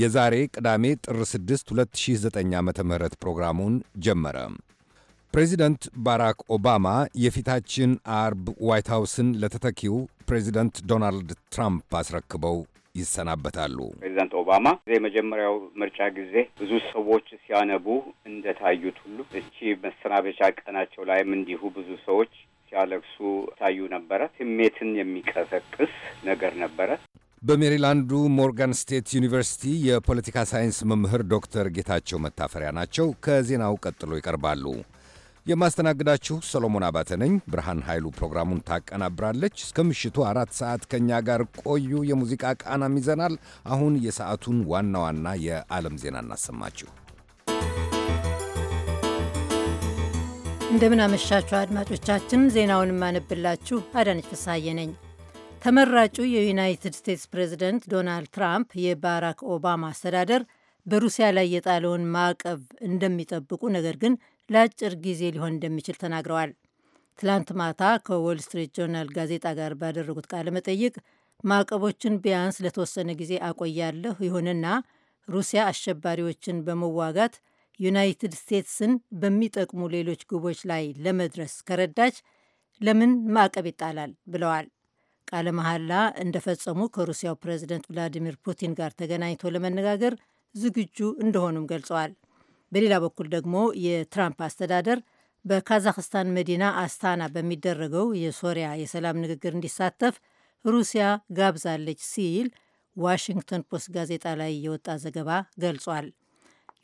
የዛሬ ቅዳሜ ጥር 6 2009 ዓ ም ፕሮግራሙን ጀመረ። ፕሬዚደንት ባራክ ኦባማ የፊታችን አርብ ዋይት ሃውስን ለተተኪው ፕሬዚደንት ዶናልድ ትራምፕ አስረክበው ይሰናበታሉ። ፕሬዚዳንት ኦባማ የመጀመሪያው ምርጫ ጊዜ ብዙ ሰዎች ሲያነቡ እንደታዩት ሁሉ እቺ መሰናበቻ ቀናቸው ላይም እንዲሁ ብዙ ሰዎች ሲያለቅሱ ታዩ ነበረ። ስሜትን የሚቀሰቅስ ነገር ነበረ። በሜሪላንዱ ሞርጋን ስቴት ዩኒቨርሲቲ የፖለቲካ ሳይንስ መምህር ዶክተር ጌታቸው መታፈሪያ ናቸው። ከዜናው ቀጥሎ ይቀርባሉ። የማስተናግዳችሁ ሰሎሞን አባተ ነኝ። ብርሃን ኃይሉ ፕሮግራሙን ታቀናብራለች። እስከ ምሽቱ አራት ሰዓት ከእኛ ጋር ቆዩ። የሙዚቃ ቃናም ይዘናል። አሁን የሰዓቱን ዋና ዋና የዓለም ዜና እናሰማችሁ። እንደምን አመሻችሁ አድማጮቻችን። ዜናውን የማነብላችሁ አዳነች ፍስሐዬ ነኝ። ተመራጩ የዩናይትድ ስቴትስ ፕሬዝደንት ዶናልድ ትራምፕ የባራክ ኦባማ አስተዳደር በሩሲያ ላይ የጣለውን ማዕቀብ እንደሚጠብቁ፣ ነገር ግን ለአጭር ጊዜ ሊሆን እንደሚችል ተናግረዋል። ትላንት ማታ ከዎል ስትሪት ጆርናል ጋዜጣ ጋር ባደረጉት ቃለ መጠይቅ ማዕቀቦችን ቢያንስ ለተወሰነ ጊዜ አቆያለሁ፣ ይሁንና ሩሲያ አሸባሪዎችን በመዋጋት ዩናይትድ ስቴትስን በሚጠቅሙ ሌሎች ግቦች ላይ ለመድረስ ከረዳች ለምን ማዕቀብ ይጣላል ብለዋል። ቃለ መሐላ እንደፈጸሙ ከሩሲያው ፕሬዚደንት ቭላዲሚር ፑቲን ጋር ተገናኝቶ ለመነጋገር ዝግጁ እንደሆኑም ገልጸዋል። በሌላ በኩል ደግሞ የትራምፕ አስተዳደር በካዛክስታን መዲና አስታና በሚደረገው የሶሪያ የሰላም ንግግር እንዲሳተፍ ሩሲያ ጋብዛለች ሲል ዋሽንግተን ፖስት ጋዜጣ ላይ የወጣ ዘገባ ገልጿል።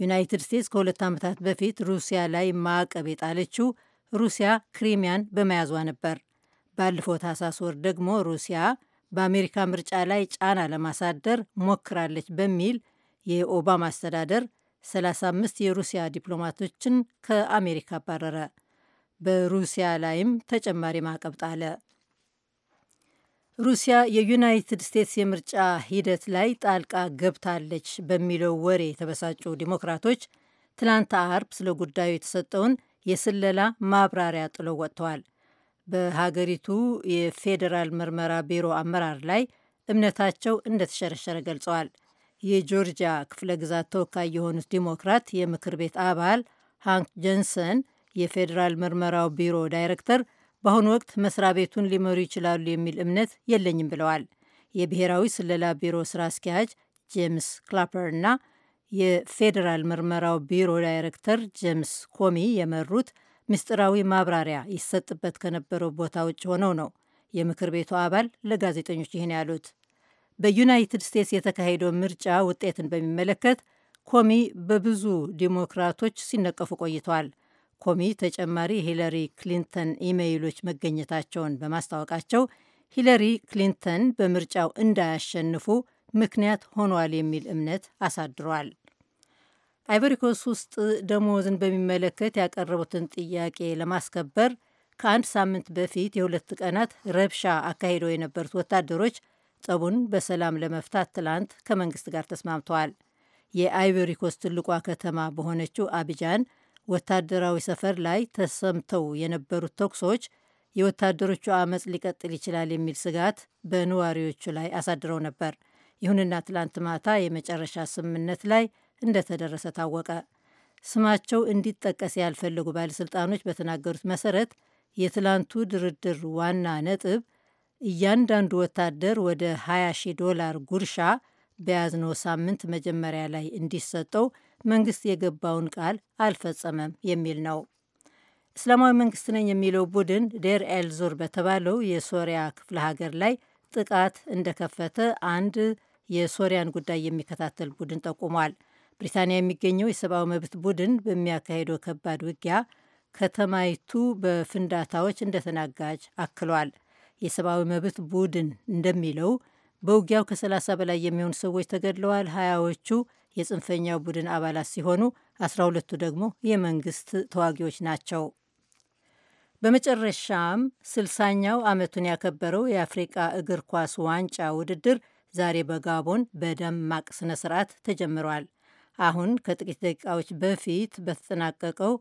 ዩናይትድ ስቴትስ ከሁለት ዓመታት በፊት ሩሲያ ላይ ማዕቀብ የጣለችው ሩሲያ ክሪሚያን በመያዟ ነበር። ባለፈው ታህሳስ ወር ደግሞ ሩሲያ በአሜሪካ ምርጫ ላይ ጫና ለማሳደር ሞክራለች በሚል የኦባማ አስተዳደር 35 የሩሲያ ዲፕሎማቶችን ከአሜሪካ አባረረ። በሩሲያ ላይም ተጨማሪ ማዕቀብ ጣለ። ሩሲያ የዩናይትድ ስቴትስ የምርጫ ሂደት ላይ ጣልቃ ገብታለች በሚለው ወሬ የተበሳጩ ዲሞክራቶች ትላንት አርብ ስለ ጉዳዩ የተሰጠውን የስለላ ማብራሪያ ጥለው ወጥተዋል። በሀገሪቱ የፌዴራል ምርመራ ቢሮ አመራር ላይ እምነታቸው እንደተሸረሸረ ገልጸዋል። የጆርጂያ ክፍለ ግዛት ተወካይ የሆኑት ዲሞክራት የምክር ቤት አባል ሃንክ ጀንሰን የፌዴራል ምርመራው ቢሮ ዳይሬክተር በአሁኑ ወቅት መስሪያ ቤቱን ሊመሩ ይችላሉ የሚል እምነት የለኝም ብለዋል። የብሔራዊ ስለላ ቢሮ ስራ አስኪያጅ ጄምስ ክላፐር እና የፌዴራል ምርመራው ቢሮ ዳይሬክተር ጄምስ ኮሚ የመሩት ምስጢራዊ ማብራሪያ ይሰጥበት ከነበረው ቦታ ውጭ ሆነው ነው የምክር ቤቱ አባል ለጋዜጠኞች ይህን ያሉት። በዩናይትድ ስቴትስ የተካሄደው ምርጫ ውጤትን በሚመለከት ኮሚ በብዙ ዲሞክራቶች ሲነቀፉ ቆይተዋል። ኮሚ ተጨማሪ ሂለሪ ክሊንተን ኢሜይሎች መገኘታቸውን በማስታወቃቸው ሂለሪ ክሊንተን በምርጫው እንዳያሸንፉ ምክንያት ሆኗል የሚል እምነት አሳድሯል። አይቨሪኮስ ውስጥ ደሞዝን በሚመለከት ያቀረቡትን ጥያቄ ለማስከበር ከአንድ ሳምንት በፊት የሁለት ቀናት ረብሻ አካሂደው የነበሩት ወታደሮች ጸቡን በሰላም ለመፍታት ትላንት ከመንግስት ጋር ተስማምተዋል። የአይቨሪኮስ ትልቋ ከተማ በሆነችው አቢጃን ወታደራዊ ሰፈር ላይ ተሰምተው የነበሩት ተኩሶች የወታደሮቹ አመፅ ሊቀጥል ይችላል የሚል ስጋት በነዋሪዎቹ ላይ አሳድረው ነበር። ይሁንና ትላንት ማታ የመጨረሻ ስምምነት ላይ እንደተደረሰ ታወቀ። ስማቸው እንዲጠቀስ ያልፈለጉ ባለሥልጣኖች በተናገሩት መሰረት የትላንቱ ድርድር ዋና ነጥብ እያንዳንዱ ወታደር ወደ 20 ሺህ ዶላር ጉርሻ በያዝነው ሳምንት መጀመሪያ ላይ እንዲሰጠው መንግስት የገባውን ቃል አልፈጸመም የሚል ነው። እስላማዊ መንግስት ነኝ የሚለው ቡድን ዴር ኤልዞር በተባለው የሶሪያ ክፍለ ሀገር ላይ ጥቃት እንደከፈተ አንድ የሶሪያን ጉዳይ የሚከታተል ቡድን ጠቁሟል። ብሪታንያ የሚገኘው የሰብአዊ መብት ቡድን በሚያካሄደው ከባድ ውጊያ ከተማይቱ በፍንዳታዎች እንደተናጋጅ አክሏል። የሰብአዊ መብት ቡድን እንደሚለው በውጊያው ከ30 በላይ የሚሆኑ ሰዎች ተገድለዋል። ሀያዎቹ የጽንፈኛው ቡድን አባላት ሲሆኑ 12ቱ ደግሞ የመንግስት ተዋጊዎች ናቸው። በመጨረሻም ስልሳኛው ዓመቱን ያከበረው የአፍሪቃ እግር ኳስ ዋንጫ ውድድር ዛሬ በጋቦን በደማቅ ስነ ስርዓት ተጀምሯል። አሁን ከጥቂት ደቂቃዎች በፊት በተጠናቀቀው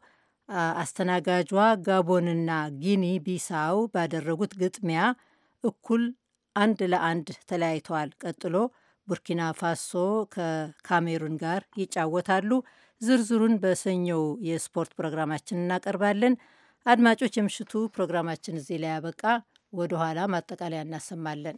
አስተናጋጇ ጋቦንና ጊኒ ቢሳው ባደረጉት ግጥሚያ እኩል አንድ ለአንድ ተለያይተዋል። ቀጥሎ ቡርኪና ፋሶ ከካሜሩን ጋር ይጫወታሉ። ዝርዝሩን በሰኞው የስፖርት ፕሮግራማችን እናቀርባለን። አድማጮች፣ የምሽቱ ፕሮግራማችን እዚህ ላይ ያበቃ። ወደ ኋላ ማጠቃለያ እናሰማለን።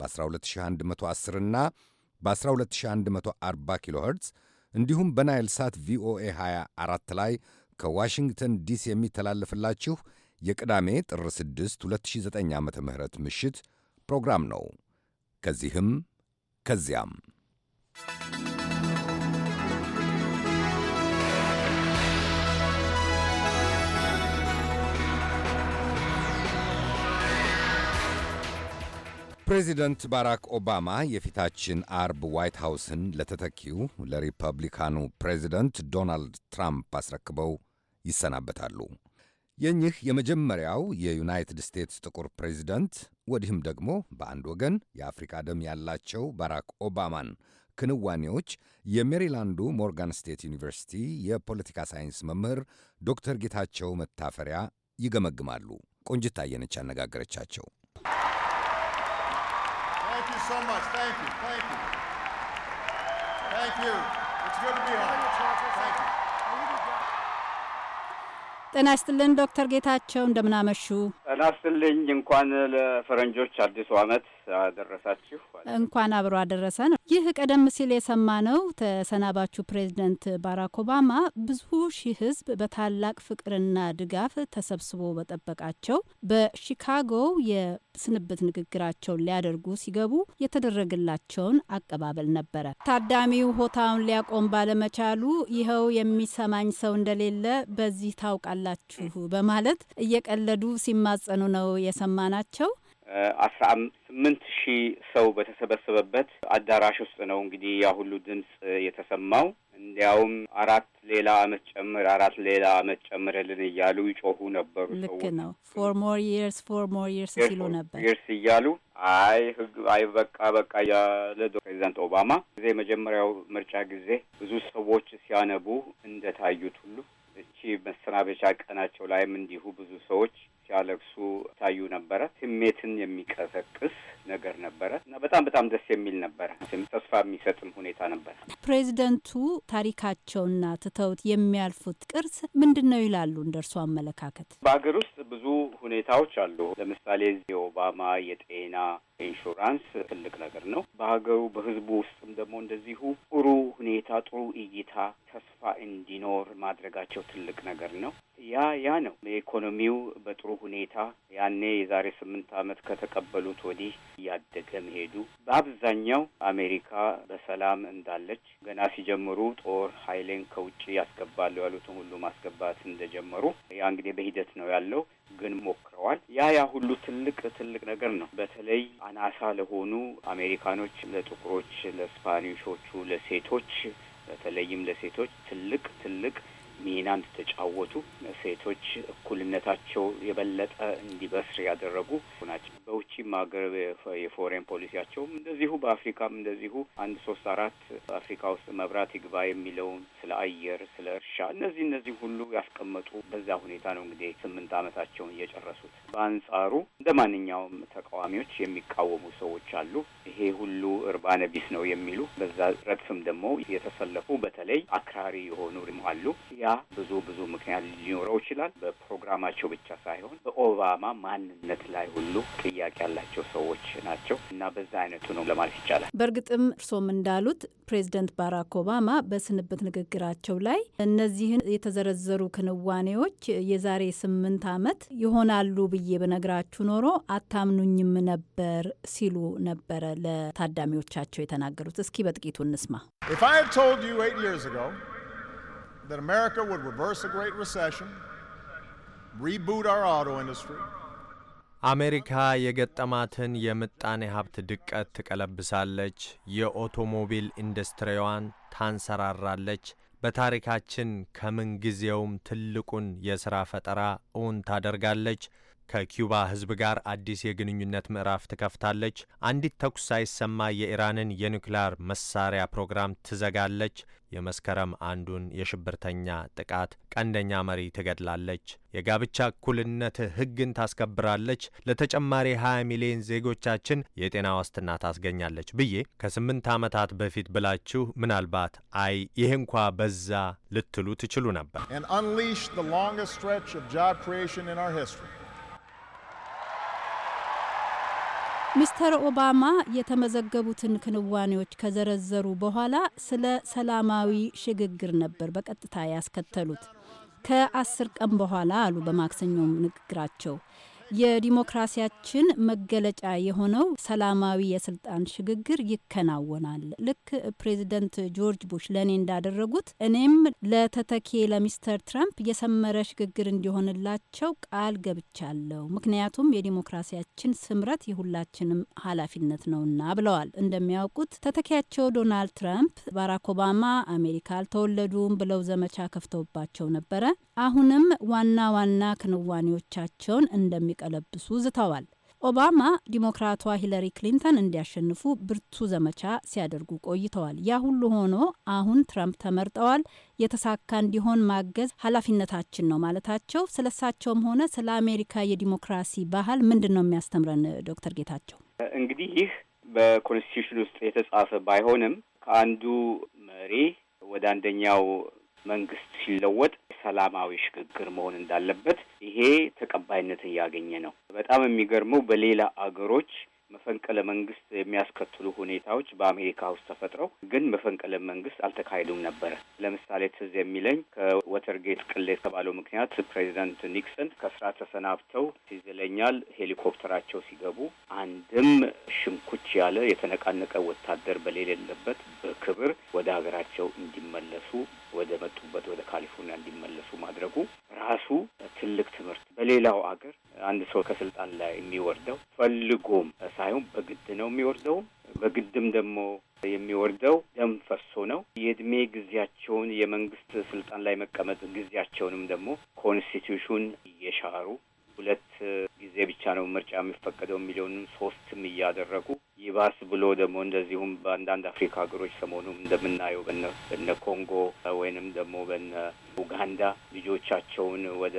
በ12110 እና በ12140 ኪሎ ኸርትዝ እንዲሁም በናይል ሳት ቪኦኤ 24 ላይ ከዋሽንግተን ዲሲ የሚተላለፍላችሁ የቅዳሜ ጥር 6 2009 ዓ ም ምሽት ፕሮግራም ነው። ከዚህም ከዚያም ፕሬዚደንት ባራክ ኦባማ የፊታችን አርብ ዋይት ሃውስን ለተተኪው ለሪፐብሊካኑ ፕሬዚደንት ዶናልድ ትራምፕ አስረክበው ይሰናበታሉ። የእኚህ የመጀመሪያው የዩናይትድ ስቴትስ ጥቁር ፕሬዚደንት ወዲህም ደግሞ በአንድ ወገን የአፍሪካ ደም ያላቸው ባራክ ኦባማን ክንዋኔዎች የሜሪላንዱ ሞርጋን ስቴት ዩኒቨርሲቲ የፖለቲካ ሳይንስ መምህር ዶክተር ጌታቸው መታፈሪያ ይገመግማሉ። ቆንጅታ የነች አነጋገረቻቸው። so much. Thank you. Thank you. Thank you. It's good to be home. Thank you. ጤና ይስጥልን ዶክተር ጌታቸው እንደምናመሹ። ጤና ይስጥልኝ። እንኳን ለፈረንጆች አዲሱ ዓመት አደረሳችሁ። እንኳን አብሮ አደረሰን። ይህ ቀደም ሲል የሰማነው ተሰናባቹ ፕሬዚደንት ባራክ ኦባማ ብዙ ሺህ ህዝብ በታላቅ ፍቅርና ድጋፍ ተሰብስቦ በጠበቃቸው በሺካጎ የስንብት ንግግራቸውን ሊያደርጉ ሲገቡ የተደረገላቸውን አቀባበል ነበረ። ታዳሚው ሆታውን ሊያቆም ባለመቻሉ ይኸው የሚሰማኝ ሰው እንደሌለ በዚህ ታውቃላችሁ በማለት እየቀለዱ ሲማጸኑ ነው የሰማናቸው። አስራ ስምንት ሺህ ሰው በተሰበሰበበት አዳራሽ ውስጥ ነው እንግዲህ ያ ሁሉ ድምፅ የተሰማው። እንዲያውም አራት ሌላ አመት ጨምር አራት ሌላ አመት ጨምርልን እያሉ ይጮሁ ነበሩ። ልክ ነው። ፎር ሞር ይርስ ፎር ሞር ይርስ ሲሉ ነበር። ይርስ እያሉ አይ ህግ አይ በቃ በቃ እያለ ፕሬዚዳንት ኦባማ ጊዜ መጀመሪያው ምርጫ ጊዜ ብዙ ሰዎች ሲያነቡ እንደታዩት ሁሉ እቺ መሰናበቻ ቀናቸው ላይም እንዲሁ ብዙ ሰዎች ሲያለቅሱ ይታዩ ነበረ። ስሜትን የሚቀሰቅስ ነገር ነበረ እና በጣም በጣም ደስ የሚል ነበረ። ተስፋ የሚሰጥም ሁኔታ ነበረ። ፕሬዚደንቱ ታሪካቸውና ትተውት የሚያልፉት ቅርስ ምንድን ነው ይላሉ? እንደ እርሱ አመለካከት በሀገር ውስጥ ብዙ ሁኔታዎች አሉ። ለምሳሌ የኦባማ የጤና ኢንሹራንስ ትልቅ ነገር ነው። በሀገሩ በህዝቡ ውስጥም ደግሞ እንደዚሁ ጥሩ ሁኔታ፣ ጥሩ እይታ፣ ተስፋ እንዲኖር ማድረጋቸው ትልቅ ነገር ነው። ያ ያ ነው። ኢኮኖሚው በጥሩ ሁኔታ ያኔ የዛሬ ስምንት ዓመት ከተቀበሉት ወዲህ እያደገ መሄዱ በአብዛኛው አሜሪካ በሰላም እንዳለች ገና ሲጀምሩ ጦር ኃይሌን ከውጭ ያስገባሉ ያሉትን ሁሉ ማስገባት እንደጀመሩ ያ እንግዲህ በሂደት ነው ያለው ግን ሞክረዋል። ያ ያ ሁሉ ትልቅ ትልቅ ነገር ነው። በተለይ አናሳ ለሆኑ አሜሪካኖች፣ ለጥቁሮች፣ ለስፓኒሾቹ፣ ለሴቶች በተለይም ለሴቶች ትልቅ ትልቅ ሚና የተጫወቱ ሴቶች እኩልነታቸው የበለጠ እንዲበስር ያደረጉ ናቸው። በውጭም ሀገር የፎሬን ፖሊሲያቸውም እንደዚሁ በአፍሪካም እንደዚሁ አንድ ሶስት አራት አፍሪካ ውስጥ መብራት ይግባ የሚለውን ስለ አየር፣ ስለ እርሻ እነዚህ እነዚህ ሁሉ ያስቀመጡ በዛ ሁኔታ ነው እንግዲህ ስምንት ዓመታቸውን እየጨረሱት በአንጻሩ እንደ ማንኛውም ተቃዋሚዎች የሚቃወሙ ሰዎች አሉ። ይሄ ሁሉ እርባነ ቢስ ነው የሚሉ በዛ ረድፍም ደግሞ የተሰለፉ በተለይ አክራሪ የሆኑ አሉ። ያ ብዙ ብዙ ምክንያት ሊኖረው ይችላል። በፕሮግራማቸው ብቻ ሳይሆን በኦባማ ማንነት ላይ ሁሉ ጥያቄ ያላቸው ሰዎች ናቸው እና በዛ አይነቱ ነው ለማለት ይቻላል። በእርግጥም እርሶም እንዳሉት ፕሬዚደንት ባራክ ኦባማ በስንብት ንግግራቸው ላይ እነዚህን የተዘረዘሩ ክንዋኔዎች የዛሬ ስምንት ዓመት ይሆናሉ ብዬ በነግራችሁ ኖሮ አታምኑኝም ነበር ሲሉ ነበረ ለታዳሚዎቻቸው የተናገሩት። እስኪ በጥቂቱ እንስማ። አሜሪካ የገጠማትን የምጣኔ ሀብት ድቀት ትቀለብሳለች፣ የኦቶሞቢል ኢንዱስትሪዋን ታንሰራራለች፣ በታሪካችን ከምንጊዜውም ትልቁን የሥራ ፈጠራ እውን ታደርጋለች፣ ከኪዩባ ህዝብ ጋር አዲስ የግንኙነት ምዕራፍ ትከፍታለች፣ አንዲት ተኩስ ሳይሰማ የኢራንን የኒውክሌር መሳሪያ ፕሮግራም ትዘጋለች፣ የመስከረም አንዱን የሽብርተኛ ጥቃት ቀንደኛ መሪ ትገድላለች፣ የጋብቻ እኩልነት ህግን ታስከብራለች፣ ለተጨማሪ 20 ሚሊዮን ዜጎቻችን የጤና ዋስትና ታስገኛለች ብዬ ከስምንት ዓመታት በፊት ብላችሁ ምናልባት አይ ይህ እንኳ በዛ ልትሉ ትችሉ ነበር። ሚስተር ኦባማ የተመዘገቡትን ክንዋኔዎች ከዘረዘሩ በኋላ ስለ ሰላማዊ ሽግግር ነበር በቀጥታ ያስከተሉት። ከአስር ቀን በኋላ አሉ በማክሰኞ ንግግራቸው የዲሞክራሲያችን መገለጫ የሆነው ሰላማዊ የስልጣን ሽግግር ይከናወናል። ልክ ፕሬዚደንት ጆርጅ ቡሽ ለእኔ እንዳደረጉት እኔም ለተተኬ ለሚስተር ትራምፕ የሰመረ ሽግግር እንዲሆንላቸው ቃል ገብቻለሁ። ምክንያቱም የዲሞክራሲያችን ስምረት የሁላችንም ኃላፊነት ነውና ብለዋል። እንደሚያውቁት ተተኪያቸው ዶናልድ ትራምፕ ባራክ ኦባማ አሜሪካ አልተወለዱም ብለው ዘመቻ ከፍተውባቸው ነበረ። አሁንም ዋና ዋና ክንዋኔዎቻቸውን እንደሚ እንደሚቀለብሱ ዝተዋል። ኦባማ ዲሞክራቷ ሂለሪ ክሊንተን እንዲያሸንፉ ብርቱ ዘመቻ ሲያደርጉ ቆይተዋል። ያ ሁሉ ሆኖ አሁን ትራምፕ ተመርጠዋል። የተሳካ እንዲሆን ማገዝ ኃላፊነታችን ነው ማለታቸው ስለ እሳቸውም ሆነ ስለ አሜሪካ የዲሞክራሲ ባህል ምንድን ነው የሚያስተምረን? ዶክተር ጌታቸው እንግዲህ ይህ በኮንስቲቱሽን ውስጥ የተጻፈ ባይሆንም ከአንዱ መሪ ወደ አንደኛው መንግስት ሲለወጥ ሰላማዊ ሽግግር መሆን እንዳለበት ይሄ ተቀባይነትን ያገኘ ነው። በጣም የሚገርመው በሌላ አገሮች መፈንቅለ መንግስት የሚያስከትሉ ሁኔታዎች በአሜሪካ ውስጥ ተፈጥረው ግን መፈንቅለ መንግስት አልተካሄዱም ነበረ። ለምሳሌ ትዝ የሚለኝ ከወተርጌት ቅሌት የተባለው ምክንያት ፕሬዚዳንት ኒክሰን ከስራ ተሰናብተው ሲዝለኛል ሄሊኮፕተራቸው ሲገቡ አንድም ሽንኩች ያለ የተነቃነቀ ወታደር በሌለበት በክብር ወደ ሀገራቸው እንዲመለሱ ወደ መጡበት ወደ ካሊፎርኒያ እንዲመለሱ ማድረጉ ራሱ ትልቅ ትምህርት። በሌላው አገር አንድ ሰው ከስልጣን ላይ የሚወርደው ፈልጎም ሳይሆን በግድ ነው የሚወርደውም በግድም ደግሞ የሚወርደው ደም ፈሶ ነው። የእድሜ ጊዜያቸውን የመንግስት ስልጣን ላይ መቀመጥ ጊዜያቸውንም ደግሞ ኮንስቲቱሽን እየሻሩ ሁለት ጊዜ ብቻ ነው ምርጫ የሚፈቀደው የሚለውንም ሶስትም እያደረጉ ይባስ ብሎ ደግሞ እንደዚሁም በአንዳንድ አፍሪካ ሀገሮች ሰሞኑም እንደምናየው በነ ኮንጎ ወይንም ደግሞ በነ ኡጋንዳ ልጆቻቸውን ወደ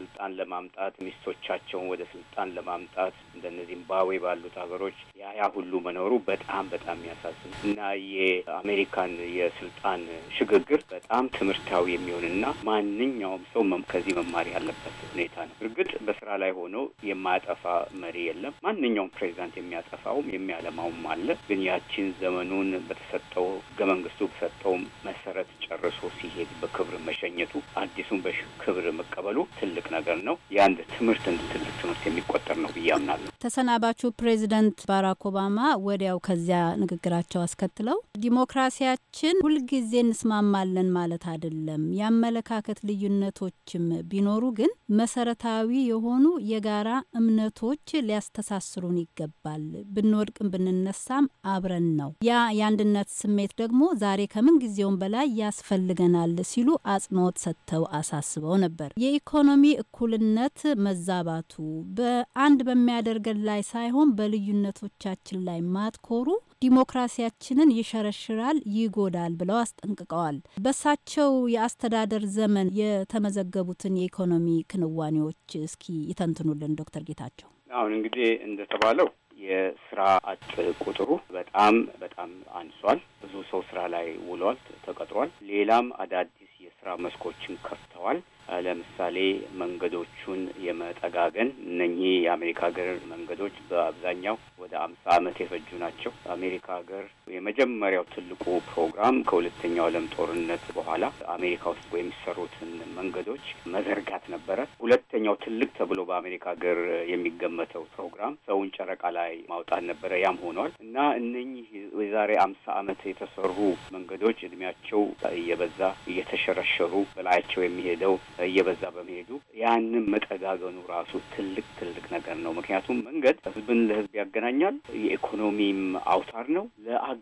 ስልጣን ለማምጣት ሚስቶቻቸውን ወደ ስልጣን ለማምጣት እንደነ ዚምባብዌ ባሉት ሀገሮች ያያ ሁሉ መኖሩ በጣም በጣም የሚያሳዝን እና የአሜሪካን የስልጣን ሽግግር በጣም ትምህርታዊ የሚሆንና ማንኛውም ሰው ከዚህ መማር ያለበት ሁኔታ ነው። እርግጥ በስራ ላይ ሆኖ የማያጠፋ መሪ የለም። ማንኛውም ፕሬዚዳንት የሚያጠፋውም የሚያለማውም አለ። ግን ያቺን ዘመኑን በተሰጠው ህገ መንግስቱ በሰጠው መሰረት ጨርሶ ሲሄድ በክብር መሸኘቱ፣ አዲሱን በክብር መቀበሉ ትልቅ ነገር ነው። የአንድ ትምህርት እንደ ትልቅ ትምህርት የሚቆጠር ነው ብዬ አምናለሁ። ተሰናባቹ ፕሬዚደንት ባራክ ኦባማ ወዲያው ከዚያ ንግግራቸው አስከትለው ዲሞክራሲያችን ሁልጊዜ እንስማማለን ማለት አይደለም፣ የአመለካከት ልዩነቶችም ቢኖሩ ግን መሰረታዊ የሆኑ የጋራ እምነቶች ሊያስተሳስሩን ይገባል። ብንወድቅም ብንነሳም አብረን ነው። ያ የአንድነት ስሜት ደግሞ ዛሬ ከምን ጊዜውም በላይ ያስፈልገናል ሲሉ አጽንኦት ሰጥተው አሳስበው ነበር የኢኮኖሚ እኩልነት መዛባቱ በአንድ በሚያደርገን ላይ ሳይሆን በልዩነቶቻችን ላይ ማትኮሩ ዲሞክራሲያችንን ይሸረሽራል፣ ይጎዳል ብለው አስጠንቅቀዋል። በሳቸው የአስተዳደር ዘመን የተመዘገቡትን የኢኮኖሚ ክንዋኔዎች እስኪ ይተንትኑልን ዶክተር ጌታቸው። አሁን እንግዲህ እንደተባለው የስራ አጥ ቁጥሩ በጣም በጣም አንሷል። ብዙ ሰው ስራ ላይ ውሏል፣ ተቀጥሯል። ሌላም አዳዲስ የስራ መስኮችን ከፍተዋል። ለምሳሌ መንገዶቹን የመጠጋገን እነኚህ የአሜሪካ ሀገር መንገዶች በአብዛኛው ወደ አምሳ ዓመት የፈጁ ናቸው። አሜሪካ ሀገር የመጀመሪያው ትልቁ ፕሮግራም ከሁለተኛው ዓለም ጦርነት በኋላ አሜሪካ ውስጥ የሚሰሩትን መንገዶች መዘርጋት ነበረ። ሁለተኛው ትልቅ ተብሎ በአሜሪካ ሀገር የሚገመተው ፕሮግራም ሰውን ጨረቃ ላይ ማውጣት ነበረ። ያም ሆኗል እና እነኚህ የዛሬ አምሳ ዓመት የተሰሩ መንገዶች እድሜያቸው እየበዛ እየተሸረሸሩ በላያቸው የሚሄደው እየበዛ በመሄዱ ያንን መጠጋገኑ ራሱ ትልቅ ትልቅ ነገር ነው። ምክንያቱም መንገድ ህዝብን ለህዝብ ያገናኛል። የኢኮኖሚም አውታር ነው።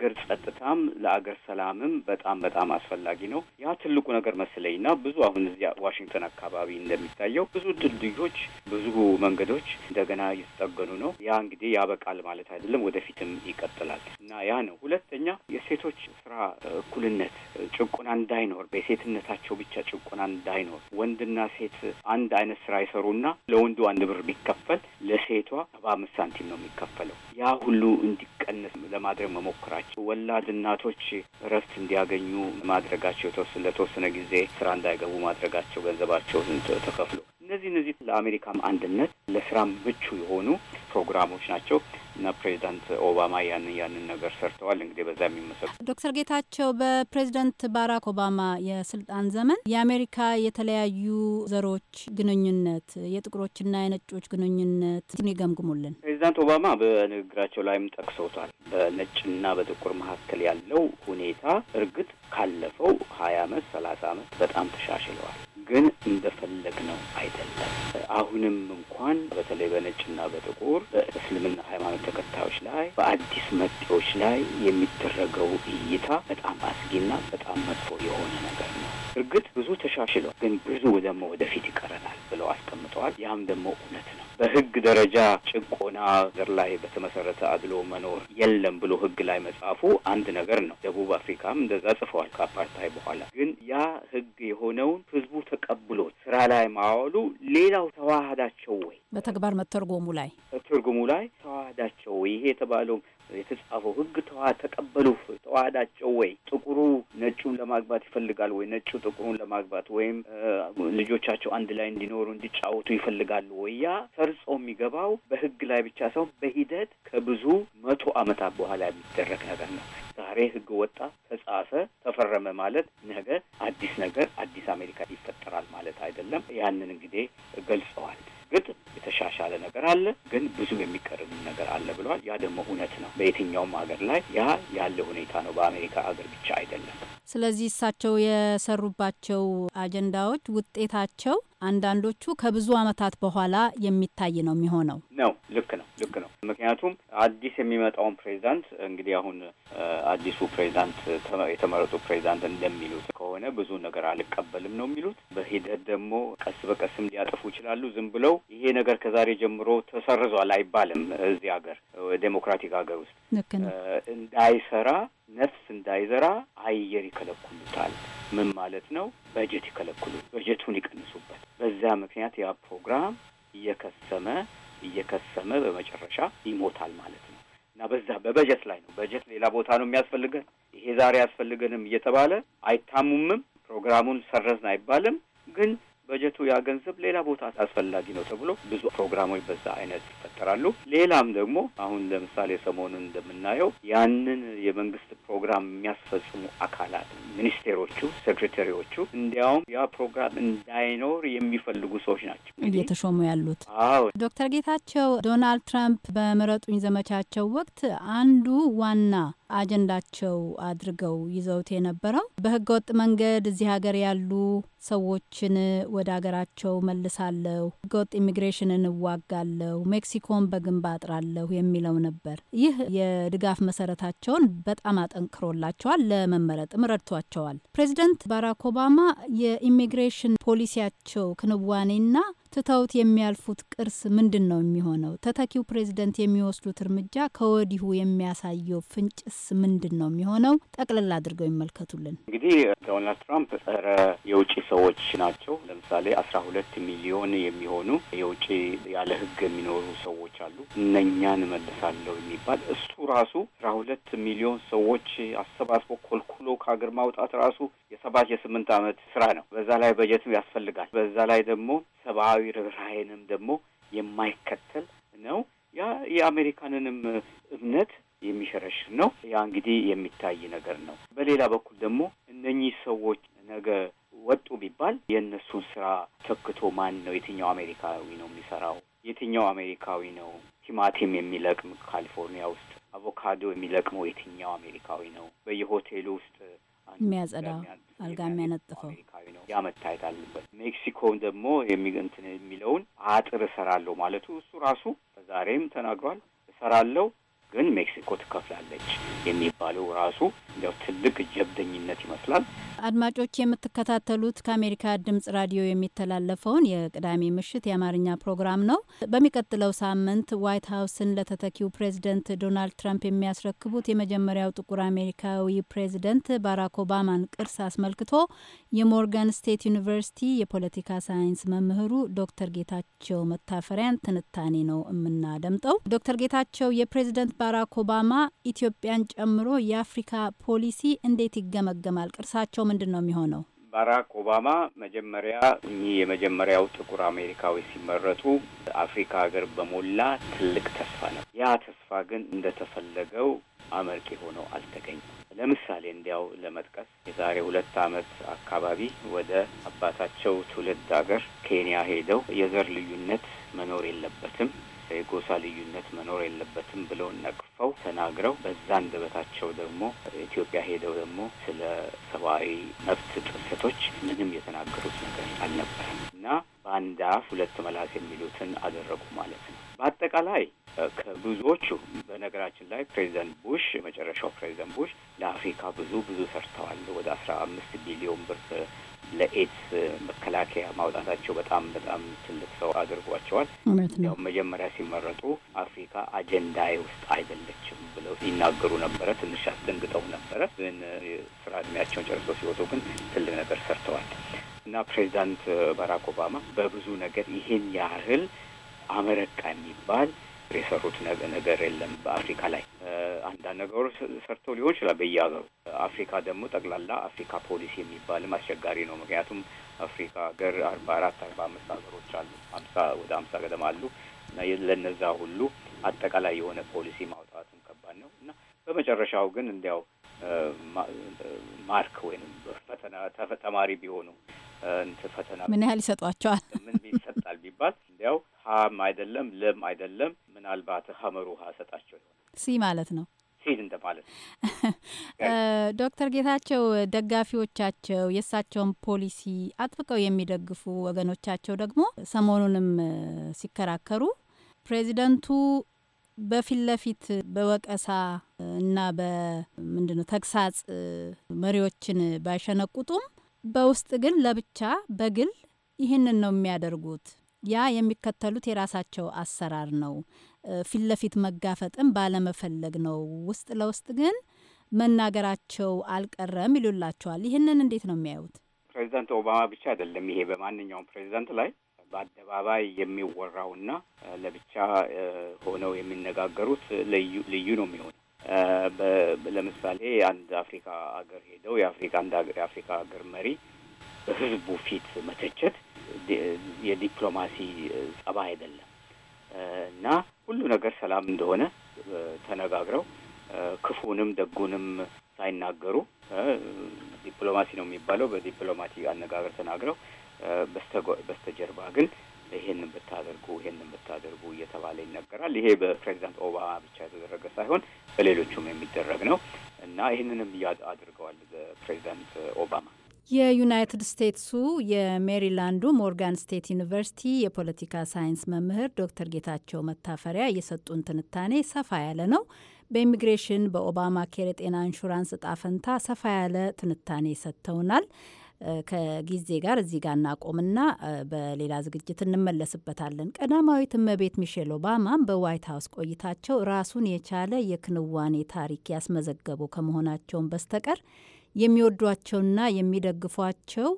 ለአገር ጸጥታም ለአገር ሰላምም በጣም በጣም አስፈላጊ ነው። ያ ትልቁ ነገር መስለኝ እና ብዙ አሁን እዚያ ዋሽንግተን አካባቢ እንደሚታየው ብዙ ድልድዮች፣ ብዙ መንገዶች እንደገና እየተጠገኑ ነው። ያ እንግዲህ ያበቃል ማለት አይደለም፣ ወደፊትም ይቀጥላል እና ያ ነው። ሁለተኛ የሴቶች ስራ እኩልነት፣ ጭቆና እንዳይኖር በሴትነታቸው ብቻ ጭቆና እንዳይኖር ወንድና ሴት አንድ አይነት ስራ ይሰሩና ለወንዱ አንድ ብር ቢከፈል ለሴቷ ሰባ አምስት ሳንቲም ነው የሚከፈለው። ያ ሁሉ እንዲቀነስ ለማድረግ መሞከራቸው ወላድ እናቶች እረፍት እንዲያገኙ ማድረጋቸው ለተወሰነ ጊዜ ስራ እንዳይገቡ ማድረጋቸው ገንዘባቸውን ተከፍሎ እነዚህ እነዚህ ለአሜሪካም አንድነት ለስራም ምቹ የሆኑ ፕሮግራሞች ናቸው እና ፕሬዚዳንት ኦባማ ያንን ያንን ነገር ሰርተዋል። እንግዲህ በዛ የሚመሰሉ ዶክተር ጌታቸው በፕሬዚዳንት ባራክ ኦባማ የስልጣን ዘመን የአሜሪካ የተለያዩ ዘሮች ግንኙነት፣ የጥቁሮችና የነጮች ግንኙነት ይገምግሙልን። ፕሬዚዳንት ኦባማ በንግግራቸው ላይም ጠቅሰውታል። በነጭና በጥቁር መካከል ያለው ሁኔታ እርግጥ ካለፈው ሀያ አመት ሰላሳ አመት በጣም ተሻሽለዋል ግን እንደፈለግ ነው አይደለም። አሁንም እንኳን በተለይ በነጭና በጥቁር በእስልምና ሃይማኖት ተከታዮች ላይ በአዲስ መጤዎች ላይ የሚደረገው እይታ በጣም አስጊና በጣም መጥፎ የሆነ ነገር ነው። እርግጥ ብዙ ተሻሽሏል፣ ግን ብዙ ደግሞ ወደፊት ይቀረናል ብለው አስቀምጠዋል። ያም ደግሞ እውነት ነው። በህግ ደረጃ ጭቆና ዘር ላይ በተመሰረተ አድሎ መኖር የለም ብሎ ህግ ላይ መጻፉ አንድ ነገር ነው። ደቡብ አፍሪካም እንደዛ ጽፈዋል ከአፓርታይ በኋላ። ግን ያ ህግ የሆነውን ህዝቡ ተቀብሎት ስራ ላይ ማዋሉ ሌላው ተዋህዳቸው ወይ በተግባር መተርጎሙ ላይ መተርጎሙ ላይ ተዋህዳቸው ወይ ይሄ የተባለው የተጻፈው ህግ ተቀበሉ ተዋህዳቸው ወይ ጥቁሩ ነጩን ለማግባት ይፈልጋል ወይ ነጩ ጥቁሩን ለማግባት ወይም ልጆቻቸው አንድ ላይ እንዲኖሩ እንዲጫወቱ ይፈልጋሉ ወይ ያ ሰርጾ የሚገባው በህግ ላይ ብቻ ሳይሆን በሂደት ከብዙ መቶ አመታት በኋላ የሚደረግ ነገር ነው። ዛሬ ህግ ወጣ፣ ተጻፈ፣ ተፈረመ ማለት ነገ አዲስ ነገር አዲስ አሜሪካ ይፈጠራል ማለት አይደለም። ያንን እንግዲህ ገልጸዋል። በእርግጥ የተሻሻለ ነገር አለ፣ ግን ብዙ የሚቀርብ ነገር አለ ብለዋል። ያ ደግሞ እውነት ነው። በየትኛውም ሀገር ላይ ያ ያለ ሁኔታ ነው። በአሜሪካ ሀገር ብቻ አይደለም። ስለዚህ እሳቸው የሰሩባቸው አጀንዳዎች ውጤታቸው አንዳንዶቹ ከብዙ ዓመታት በኋላ የሚታይ ነው የሚሆነው። ነው ልክ ነው ልክ ነው። ምክንያቱም አዲስ የሚመጣውን ፕሬዚዳንት እንግዲህ አሁን አዲሱ ፕሬዚዳንት የተመረጡ ፕሬዚዳንት እንደሚሉት ከሆነ ብዙ ነገር አልቀበልም ነው የሚሉት። በሂደት ደግሞ ቀስ በቀስም ሊያጠፉ ይችላሉ። ዝም ብለው ይሄ ነገር ከዛሬ ጀምሮ ተሰርዟል አይባልም። እዚህ ሀገር ዴሞክራቲክ ሀገር ውስጥ እንዳይሰራ ነፍስ እንዳይዘራ አየር ይከለክሉታል። ምን ማለት ነው? በጀት ይከለኩሉ፣ በጀቱን ይቀንሱበት። በዛ ምክንያት ያ ፕሮግራም እየከሰመ እየከሰመ በመጨረሻ ይሞታል ማለት ነው እና በዛ በበጀት ላይ ነው። በጀት ሌላ ቦታ ነው የሚያስፈልገን። ይሄ ዛሬ ያስፈልገንም እየተባለ አይታሙምም። ፕሮግራሙን ሰረዝን አይባልም ግን በጀቱ ያ ገንዘብ ሌላ ቦታ አስፈላጊ ነው ተብሎ ብዙ ፕሮግራሞች በዛ አይነት ይፈጠራሉ። ሌላም ደግሞ አሁን ለምሳሌ ሰሞኑን እንደምናየው ያንን የመንግስት ፕሮግራም የሚያስፈጽሙ አካላት ሚኒስቴሮቹ፣ ሴክሬታሪዎቹ እንዲያውም ያ ፕሮግራም እንዳይኖር የሚፈልጉ ሰዎች ናቸው እየተሾሙ ያሉት። አዎ ዶክተር ጌታቸው ዶናልድ ትራምፕ በምረጡኝ ዘመቻቸው ወቅት አንዱ ዋና አጀንዳቸው አድርገው ይዘውት የነበረው በህገወጥ መንገድ እዚህ ሀገር ያሉ ሰዎችን ወደ ሀገራቸው መልሳለሁ፣ ህገወጥ ኢሚግሬሽንን እዋጋለሁ፣ ሜክሲኮን በግንብ አጥራለሁ የሚለው ነበር። ይህ የድጋፍ መሰረታቸውን በጣም አጠንክሮላቸዋል፣ ለመመረጥም ረድቷቸዋል። ፕሬዚደንት ባራክ ኦባማ የኢሚግሬሽን ፖሊሲያቸው ክንዋኔና ትተውት የሚያልፉት ቅርስ ምንድን ነው የሚሆነው? ተተኪው ፕሬዚደንት የሚወስዱት እርምጃ ከወዲሁ የሚያሳየው ፍንጭስ ምንድን ነው የሚሆነው? ጠቅልላ አድርገው ይመልከቱልን። እንግዲህ ዶናልድ ትራምፕ ጸረ የውጭ ሰዎች ናቸው። ለምሳሌ አስራ ሁለት ሚሊዮን የሚሆኑ የውጭ ያለ ህግ የሚኖሩ ሰዎች አሉ። እነኛን እመልሳለሁ የሚባል እሱ ራሱ አስራ ሁለት ሚሊዮን ሰዎች አሰባስቦ ኮልኩሎ ከሀገር ማውጣት ራሱ የሰባት የስምንት ዓመት ስራ ነው። በዛ ላይ በጀትም ያስፈልጋል። በዛ ላይ ደግሞ ሰብአ ሰብአዊ ርኅራኄንም ደግሞ የማይከተል ነው። ያ የአሜሪካንንም እምነት የሚሸረሽር ነው። ያ እንግዲህ የሚታይ ነገር ነው። በሌላ በኩል ደግሞ እነኚህ ሰዎች ነገ ወጡ ቢባል የእነሱን ስራ ተክቶ ማን ነው? የትኛው አሜሪካዊ ነው የሚሰራው? የትኛው አሜሪካዊ ነው ቲማቲም የሚለቅም ካሊፎርኒያ ውስጥ? አቮካዶ የሚለቅመው የትኛው አሜሪካዊ ነው? በየሆቴሉ ውስጥ የሚያጸዳው አልጋ የሚያነጥፈው ያ መታየት አለበት። ሜክሲኮን ደግሞ የሚንትን የሚለውን አጥር እሰራለሁ ማለቱ እሱ ራሱ በዛሬም ተናግሯል። እሰራለሁ ግን ሜክሲኮ ትከፍላለች የሚባለው ራሱ እንዲያው ትልቅ ጀብደኝነት ይመስላል። አድማጮች የምትከታተሉት ከአሜሪካ ድምጽ ራዲዮ የሚተላለፈውን የቅዳሜ ምሽት የአማርኛ ፕሮግራም ነው። በሚቀጥለው ሳምንት ዋይት ሀውስን ለተተኪው ፕሬዚደንት ዶናልድ ትራምፕ የሚያስረክቡት የመጀመሪያው ጥቁር አሜሪካዊ ፕሬዚደንት ባራክ ኦባማን ቅርስ አስመልክቶ የሞርጋን ስቴት ዩኒቨርሲቲ የፖለቲካ ሳይንስ መምህሩ ዶክተር ጌታቸው መታፈሪያን ትንታኔ ነው የምናደምጠው። ዶክተር ጌታቸው የፕሬዚደንት ባራክ ኦባማ ኢትዮጵያን ጨምሮ የአፍሪካ ፖሊሲ እንዴት ይገመገማል? ቅርሳቸው ምንድን ነው የሚሆነው? ባራክ ኦባማ መጀመሪያ እኚህ የመጀመሪያው ጥቁር አሜሪካዊ ሲመረጡ አፍሪካ ሀገር በሞላ ትልቅ ተስፋ ነው። ያ ተስፋ ግን እንደተፈለገው አመርቂ ሆኖ አልተገኘም። ለምሳሌ እንዲያው ለመጥቀስ የዛሬ ሁለት አመት አካባቢ ወደ አባታቸው ትውልድ ሀገር ኬንያ ሄደው የዘር ልዩነት መኖር የለበትም የጎሳ ልዩነት መኖር የለበትም ብለው ነቅፈው ተናግረው በዛ አንደበታቸው ደግሞ ኢትዮጵያ ሄደው ደግሞ ስለ ሰብአዊ መብት ጥሰቶች ምንም የተናገሩት ነገር አልነበረም እና በአንድ አፍ ሁለት መላስ የሚሉትን አደረጉ ማለት ነው። በአጠቃላይ ከብዙዎቹ በነገራችን ላይ ፕሬዚደንት ቡሽ የመጨረሻው ፕሬዚደንት ቡሽ ለአፍሪካ ብዙ ብዙ ሰርተዋል። ወደ አስራ አምስት ቢሊዮን ብር ለኤድስ መከላከያ ማውጣታቸው በጣም በጣም ትልቅ ሰው አድርጓቸዋል። ነው። መጀመሪያ ሲመረጡ አፍሪካ አጀንዳ ውስጥ አይደለችም ብለው ይናገሩ ነበረ። ትንሽ አስደንግጠው ነበረ። ግን ስራ እድሜያቸውን ጨርሶ ሲወጡ ግን ትልቅ ነገር ሰርተዋል እና ፕሬዚዳንት ባራክ ኦባማ በብዙ ነገር ይህን ያህል አመረቃ የሚባል የሰሩት ነገር የለም። በአፍሪካ ላይ አንዳንድ ነገሮች ሰርተው ሊሆን ይችላል በየሀገሩ። አፍሪካ ደግሞ ጠቅላላ አፍሪካ ፖሊሲ የሚባልም አስቸጋሪ ነው። ምክንያቱም አፍሪካ ሀገር አርባ አራት አርባ አምስት ሀገሮች አሉ፣ ሀምሳ ወደ ሀምሳ ገደማ አሉ እና ለነዛ ሁሉ አጠቃላይ የሆነ ፖሊሲ ማውጣትም ከባድ ነው እና በመጨረሻው ግን እንዲያው ማርክ ወይም ፈተና ተማሪ ቢሆኑ ፈተና ምን ያህል ይሰጧቸዋል ምን ይሰጣል ቢባል እንዲያው ሀም አይደለም ለም አይደለም፣ ምናልባት ሀመር ውሃ ሰጣቸው ሲ ማለት ነው ሲል እንደማለት ነው። ዶክተር ጌታቸው ደጋፊዎቻቸው የእሳቸውን ፖሊሲ አጥብቀው የሚደግፉ ወገኖቻቸው ደግሞ ሰሞኑንም ሲከራከሩ ፕሬዚደንቱ በፊት ለፊት በወቀሳ እና በምንድነው ተግሳጽ መሪዎችን ባይሸነቁጡም በውስጥ ግን ለብቻ በግል ይህንን ነው የሚያደርጉት ያ የሚከተሉት የራሳቸው አሰራር ነው። ፊት ለፊት መጋፈጥን ባለመፈለግ ነው። ውስጥ ለውስጥ ግን መናገራቸው አልቀረም ይሉላቸዋል። ይህንን እንዴት ነው የሚያዩት? ፕሬዚዳንት ኦባማ ብቻ አይደለም ይሄ በማንኛውም ፕሬዚዳንት ላይ በአደባባይ የሚወራውና ለብቻ ሆነው የሚነጋገሩት ልዩ ነው የሚሆነው። ለምሳሌ አንድ አፍሪካ ሀገር ሄደው የአፍሪካ አንድ የአፍሪካ ሀገር መሪ በህዝቡ ፊት መተቸት የዲፕሎማሲ ጸባ አይደለም እና ሁሉ ነገር ሰላም እንደሆነ ተነጋግረው ክፉንም ደጉንም ሳይናገሩ ዲፕሎማሲ ነው የሚባለው በዲፕሎማቲ አነጋገር ተናግረው በስተጀርባ ግን ይሄን ብታደርጉ ይሄን ብታደርጉ እየተባለ ይነገራል። ይሄ በፕሬዚዳንት ኦባማ ብቻ የተደረገ ሳይሆን በሌሎቹም የሚደረግ ነው እና ይህንንም አድርገዋል ፕሬዚዳንት ኦባማ የዩናይትድ ስቴትሱ የሜሪላንዱ ሞርጋን ስቴት ዩኒቨርሲቲ የፖለቲካ ሳይንስ መምህር ዶክተር ጌታቸው መታፈሪያ የሰጡን ትንታኔ ሰፋ ያለ ነው። በኢሚግሬሽን በኦባማ ኬር የጤና ኢንሹራንስ እጣ ፈንታ ሰፋ ያለ ትንታኔ ሰጥተውናል። ከጊዜ ጋር እዚህ ጋር እናቆምና በሌላ ዝግጅት እንመለስበታለን። ቀዳማዊት እመቤት ሚሼል ኦባማም በዋይት ሀውስ ቆይታቸው ራሱን የቻለ የክንዋኔ ታሪክ ያስመዘገቡ ከመሆናቸውን በስተቀር የሚወዷቸውና የሚደግፏቸው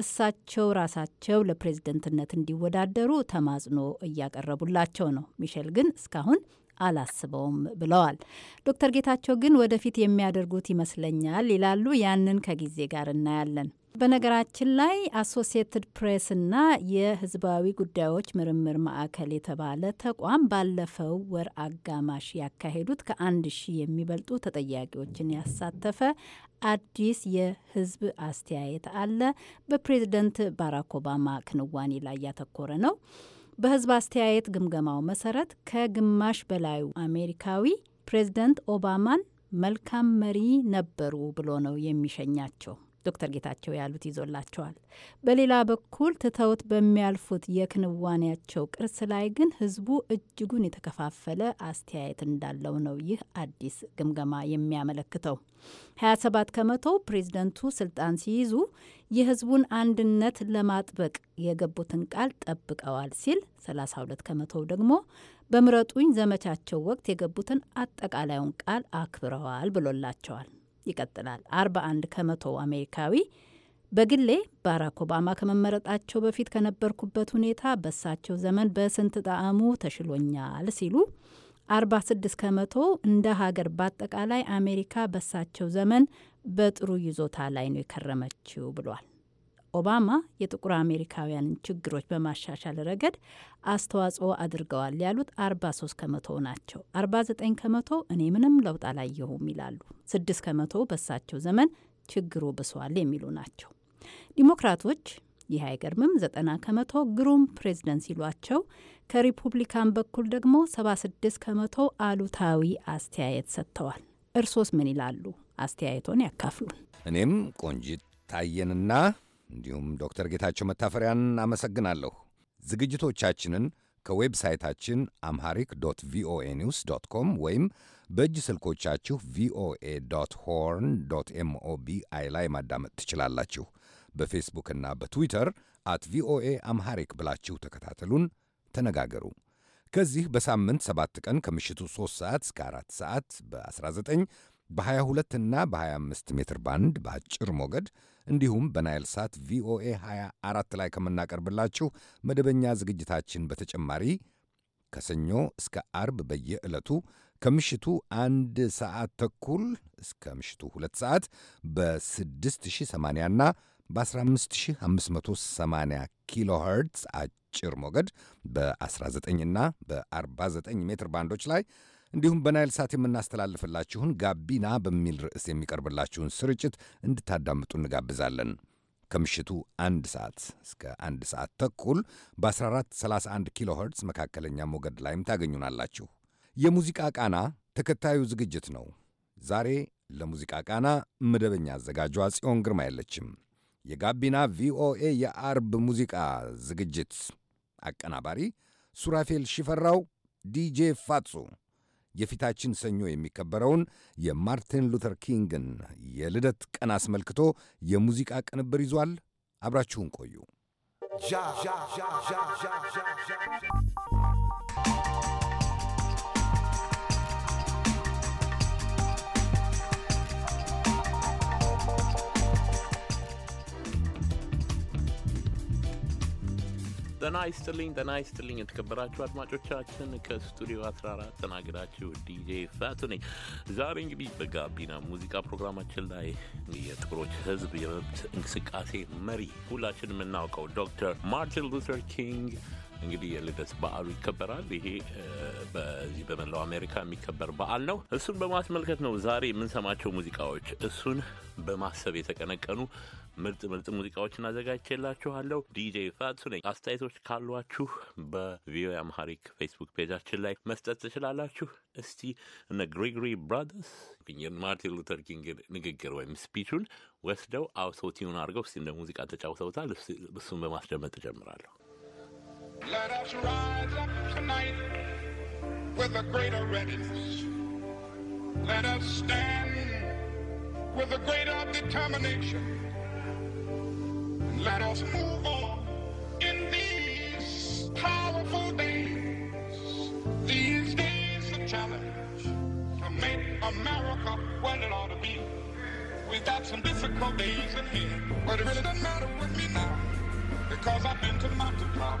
እሳቸው ራሳቸው ለፕሬዝደንትነት እንዲወዳደሩ ተማጽኖ እያቀረቡላቸው ነው። ሚሼል ግን እስካሁን አላስበውም ብለዋል። ዶክተር ጌታቸው ግን ወደፊት የሚያደርጉት ይመስለኛል ይላሉ። ያንን ከጊዜ ጋር እናያለን። በነገራችን ላይ አሶሲየትድ ና የሕዝባዊ ጉዳዮች ምርምር ማዕከል የተባለ ተቋም ባለፈው ወር አጋማሽ ያካሄዱት ከአንድ ሺህ የሚበልጡ ተጠያቂዎችን ያሳተፈ አዲስ የህዝብ አስተያየት አለ። በፕሬዝደንት ባራክ ኦባማ ክንዋኔ ላይ ያተኮረ ነው። በህዝብ አስተያየት ግምገማው መሰረት ከግማሽ በላዩ አሜሪካዊ ፕሬዝደንት ኦባማን መልካም መሪ ነበሩ ብሎ ነው የሚሸኛቸው። ዶክተር ጌታቸው ያሉት ይዞላቸዋል። በሌላ በኩል ትተውት በሚያልፉት የክንዋኔያቸው ቅርስ ላይ ግን ህዝቡ እጅጉን የተከፋፈለ አስተያየት እንዳለው ነው ይህ አዲስ ግምገማ የሚያመለክተው። 27 ከመቶ ፕሬዝደንቱ ስልጣን ሲይዙ የህዝቡን አንድነት ለማጥበቅ የገቡትን ቃል ጠብቀዋል ሲል 32 ከመቶ ደግሞ በምረጡኝ ዘመቻቸው ወቅት የገቡትን አጠቃላዩን ቃል አክብረዋል ብሎላቸዋል። ይቀጥላል። 41 ከመቶ አሜሪካዊ በግሌ ባራክ ኦባማ ከመመረጣቸው በፊት ከነበርኩበት ሁኔታ በሳቸው ዘመን በስንት ጣዕሙ ተሽሎኛል ሲሉ 46 ከመቶ እንደ ሀገር በአጠቃላይ አሜሪካ በሳቸው ዘመን በጥሩ ይዞታ ላይ ነው የከረመችው ብሏል። ኦባማ የጥቁር አሜሪካውያንን ችግሮች በማሻሻል ረገድ አስተዋጽኦ አድርገዋል ያሉት 43 ከመቶ ናቸው። 49 ከመቶ እኔ ምንም ለውጥ አላየሁም ይላሉ። 6 ከመቶ በሳቸው ዘመን ችግሩ ብሷል የሚሉ ናቸው። ዲሞክራቶች ይህ አይገርምም፣ 90 ከመቶ ግሩም ፕሬዝደንት ሲሏቸው፣ ከሪፑብሊካን በኩል ደግሞ 76 ከመቶ አሉታዊ አስተያየት ሰጥተዋል። እርሶስ ምን ይላሉ? አስተያየቶን ያካፍሉን። እኔም ቆንጂት ታየንና እንዲሁም ዶክተር ጌታቸው መታፈሪያን አመሰግናለሁ። ዝግጅቶቻችንን ከዌብሳይታችን አምሃሪክ ዶት ቪኦኤ ኒውስ ዶት ኮም ወይም በእጅ ስልኮቻችሁ ቪኦኤ ዶት ሆርን ዶት ኤምኦቢአይ ላይ ማዳመጥ ትችላላችሁ። በፌስቡክና በትዊተር አት ቪኦኤ አምሃሪክ ብላችሁ ተከታተሉን፣ ተነጋገሩ። ከዚህ በሳምንት ሰባት ቀን ከምሽቱ 3 ሰዓት እስከ 4 ሰዓት በ19 በ22 እና በ25 ሜትር ባንድ በአጭር ሞገድ እንዲሁም በናይል ሳት ቪኦኤ 24 ላይ ከምናቀርብላችሁ መደበኛ ዝግጅታችን በተጨማሪ ከሰኞ እስከ አርብ በየዕለቱ ከምሽቱ አንድ ሰዓት ተኩል እስከ ምሽቱ ሁለት ሰዓት በ6080 እና በ15580 ኪሎ ኸርትዝ አጭር ሞገድ በ19 እና በ49 ሜትር ባንዶች ላይ እንዲሁም በናይል ሳት የምናስተላልፍላችሁን ጋቢና በሚል ርዕስ የሚቀርብላችሁን ስርጭት እንድታዳምጡ እንጋብዛለን። ከምሽቱ አንድ ሰዓት እስከ አንድ ሰዓት ተኩል በ1431 ኪሎ ኸርትዝ መካከለኛ ሞገድ ላይም ታገኙናላችሁ። የሙዚቃ ቃና ተከታዩ ዝግጅት ነው። ዛሬ ለሙዚቃ ቃና መደበኛ አዘጋጇ ጽዮን ግርማ የለችም። የጋቢና ቪኦኤ የአርብ ሙዚቃ ዝግጅት አቀናባሪ ሱራፌል ሽፈራው፣ ዲጄ ፋጹ የፊታችን ሰኞ የሚከበረውን የማርቲን ሉተር ኪንግን የልደት ቀን አስመልክቶ የሙዚቃ ቅንብር ይዟል። አብራችሁን ቆዩ። ጤና ይስጥልኝ ጤና ይስጥልኝ የተከበራችሁ አድማጮቻችን ከስቱዲዮ 14 ተናግዳችሁ ዲጄ ፋቱ ነኝ። ዛሬ እንግዲህ በጋቢና ሙዚቃ ፕሮግራማችን ላይ የጥቁሮች ህዝብ የመብት እንቅስቃሴ መሪ ሁላችን የምናውቀው ዶክተር ማርቲን ሉተር ኪንግ እንግዲህ የልደት በዓሉ ይከበራል። ይሄ በዚህ በመላው አሜሪካ የሚከበር በዓል ነው። እሱን በማስመልከት ነው ዛሬ የምንሰማቸው ሙዚቃዎች። እሱን በማሰብ የተቀነቀኑ ምርጥ ምርጥ ሙዚቃዎችን አዘጋጅቼላችኋለሁ። ዲጄ ፋቱ ነኝ። አስተያየቶች ካሏችሁ በቪኦኤ አምሃሪክ ፌስቡክ ፔጃችን ላይ መስጠት ትችላላችሁ። እስቲ እነ ግሪጎሪ ብራደርስ የማርቲን ሉተር ኪንግ ንግግር ወይም ስፒቹን ወስደው አውቶቲዩን አድርገው እስቲ እንደ ሙዚቃ ተጫውተውታል። እሱን በማስደመጥ እጀምራለሁ። Let us rise up tonight with a greater readiness. Let us stand with a greater determination. And let us move on in these powerful days. These days of challenge to make America what it ought to be. We've got some difficult days ahead, but it really doesn't matter with me now because I've been to the mountaintop.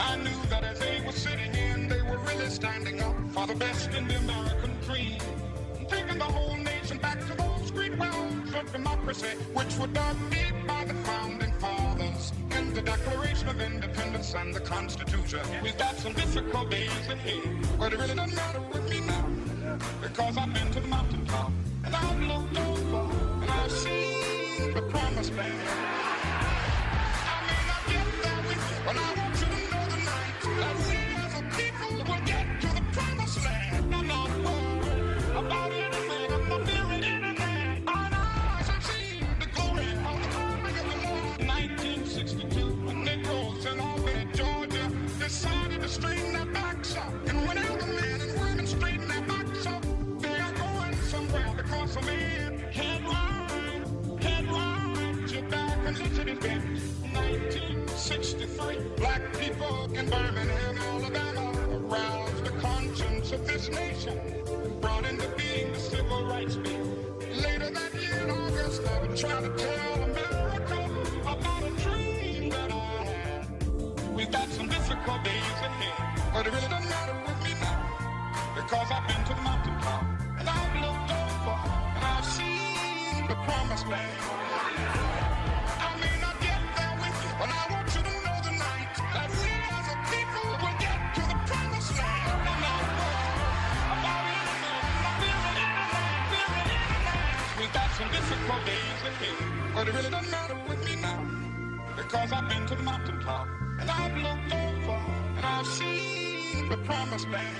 I knew that as they were sitting in, they were really standing up for the best in the American dream. Taking the whole nation back to those great realms of democracy, which were deep by the founding fathers in the Declaration of Independence and the Constitution. We've got some difficult days ahead, but it really doesn't matter with me now, because I've been to the mountaintop and I've looked over and I've seen the promised land. I may not get there with you, but I Let's go. Norfolk and Birmingham, Alabama, aroused the conscience of this nation brought into being the Civil Rights Bill. Later that year in August, I would try to tell America about a dream that I had. We've got some difficult days ahead, but it really doesn't matter with me now because I've been to the mountaintop and I've looked over and I've seen the promised land. difficult days ahead. But it really doesn't matter with me now. Because I've been to the mountaintop. And I've looked over. And I've seen the promised land.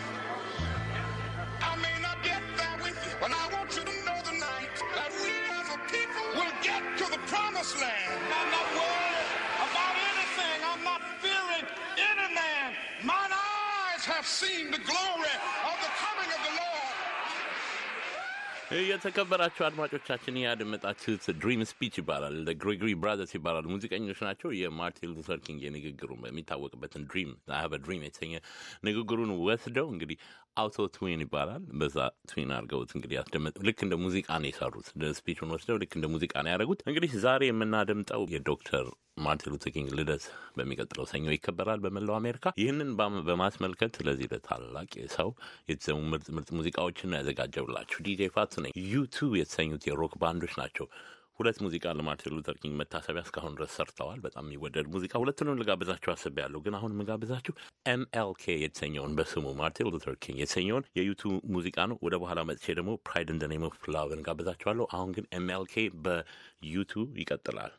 የተከበራቸው አድማጮቻችን ያደመጣችሁት ድሪም ስፒች ይባላል። ግሪግሪ ብራዘርስ ይባላል። ሙዚቀኞች ናቸው። የማርቲን ሉተር ኪንግ የንግግሩ የሚታወቅበትን ድሪም አሀበ ድሪም የተሰኘ ንግግሩን ወስደው እንግዲህ አውቶ ትዊን ይባላል። በዛ ትዊን አድርገውት እንግዲህ ያስደመጡ ልክ እንደ ሙዚቃ ነው የሰሩት። ስፒቹን ወስደው ልክ እንደ ሙዚቃ ነው ያደረጉት። እንግዲህ ዛሬ የምናደምጠው የዶክተር ማርቲን ሉተር ኪንግ ልደት በሚቀጥለው ሰኞ ይከበራል በመላው አሜሪካ። ይህንን በማስመልከት ስለዚህ ለታላቅ ሰው የተሰሙ ምርጥ ምርጥ ሙዚቃዎችን ያዘጋጀውላችሁ ዲጄ ፋቱ ነኝ። ዩቱብ የተሰኙት የሮክ ባንዶች ናቸው ሁለት ሙዚቃ ለማርቲን ሉተር ኪንግ መታሰቢያ እስካሁን ድረስ ሰርተዋል። በጣም የሚወደድ ሙዚቃ ሁለቱንም ልጋብዛችሁ አስቤያለሁ፣ ግን አሁን የምጋብዛችሁ ኤምኤልኬ የተሰኘውን በስሙ ማርቲን ሉተር ኪንግ የተሰኘውን የዩቱ ሙዚቃ ነው። ወደ በኋላ መጥቼ ደግሞ ፕራይድ እንደ ዘ ኔም ኦፍ ላቭን ጋብዛችኋለሁ። አሁን ግን ኤምኤልኬ በዩቱ ይቀጥላል።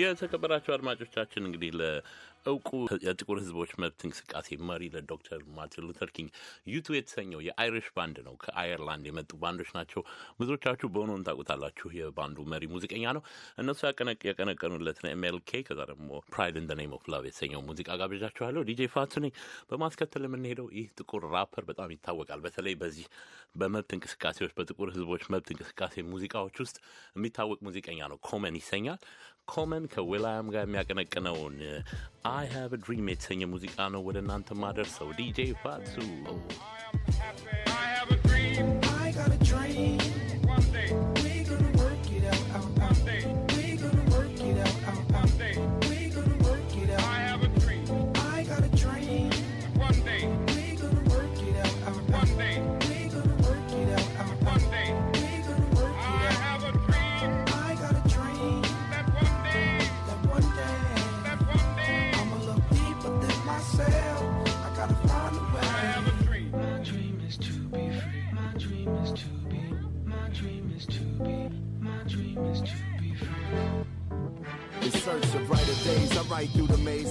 የተከበራቸው አድማጮቻችን እንግዲህ ለእውቁ የጥቁር ህዝቦች መብት እንቅስቃሴ መሪ ለዶክተር ማርቲን ሉተር ኪንግ ዩቱ የተሰኘው የአይሪሽ ባንድ ነው። ከአየርላንድ የመጡ ባንዶች ናቸው። ብዙዎቻችሁ በሆነውን ታውቁታላችሁ። የባንዱ መሪ ሙዚቀኛ ነው። እነሱ ያቀነቀኑለትን ኤምኤልኬ፣ ከዛ ደግሞ ፕራይድ ኢን ዘ ኔም ኦፍ ላቭ የተሰኘው ሙዚቃ ጋብዣችኋለሁ። ዲጄ ፋቱ ነኝ። በማስከተል የምንሄደው ይህ ጥቁር ራፐር በጣም ይታወቃል። በተለይ በዚህ በመብት እንቅስቃሴዎች በጥቁር ህዝቦች መብት እንቅስቃሴ ሙዚቃዎች ውስጥ የሚታወቅ ሙዚቀኛ ነው። ኮመን ይሰኛል። ኮመን ከዊላያም ጋር የሚያቀነቅነውን አይ ሃቭ ድሪም የተሰኘ ሙዚቃ ነው ወደ እናንተ ማደርሰው ዲጄ ፋሱ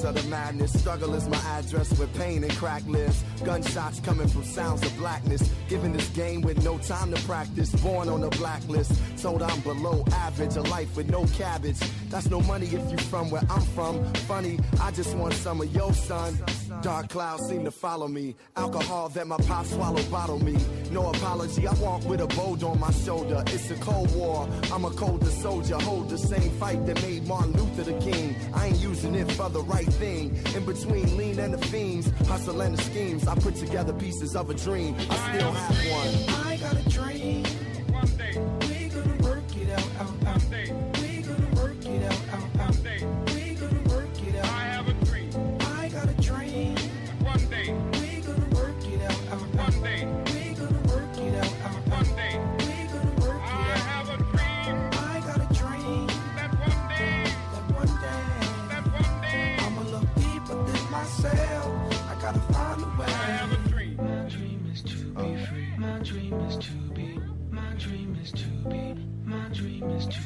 of the madness. Struggle is my address with pain and crack lips. Gunshots coming from sounds of blackness. Given this game with no time to practice. Born on the blacklist. Told I'm below average. A life with no cabbage. That's no money if you from where I'm from. Funny, I just want some of your son. Dark clouds seem to follow me. Alcohol that my pop swallowed bottle me. No apology, I walk with a bold on my shoulder. It's a cold war. I'm a colder soldier. Hold the same fight that made Martin Luther the king. I ain't using it for the right thing. In between lean and the fiends, hustle and the schemes. I put together pieces of a dream. I still have one. I got a dream. name is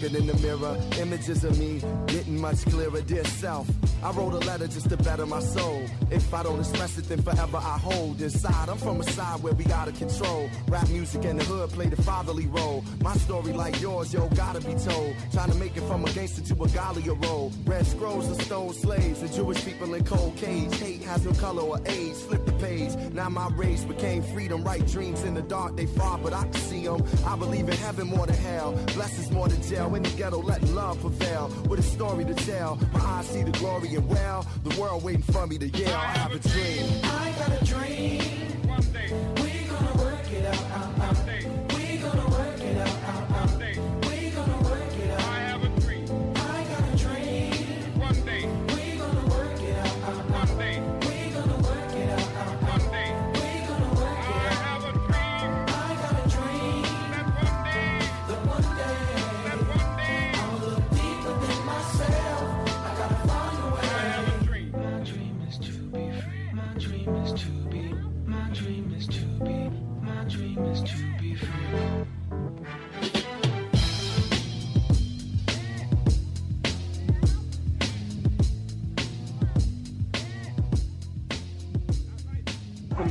looking in the mirror. Images of me getting much clearer, dear self. I wrote a letter just to better my soul. If I don't express it, then forever I hold inside. I'm from a side where we gotta control. Rap music and the hood play the fatherly role. My story, like yours, yo, gotta be told. Trying to make it from a gangster to a Galia role. Red scrolls and stone slaves and Jewish people in cold cage. Hate has no color or age. Flip the page. Now my race became freedom. Right dreams in the dark, they far, but I can see them. I believe in heaven more than hell. Blessings more than jail prevail. In the ghetto, let love prevail. With a story to tell, my eyes see the glory and well, the world waiting for me to yell. I have a dream. I got a dream. One day. We gonna work it out. out, out.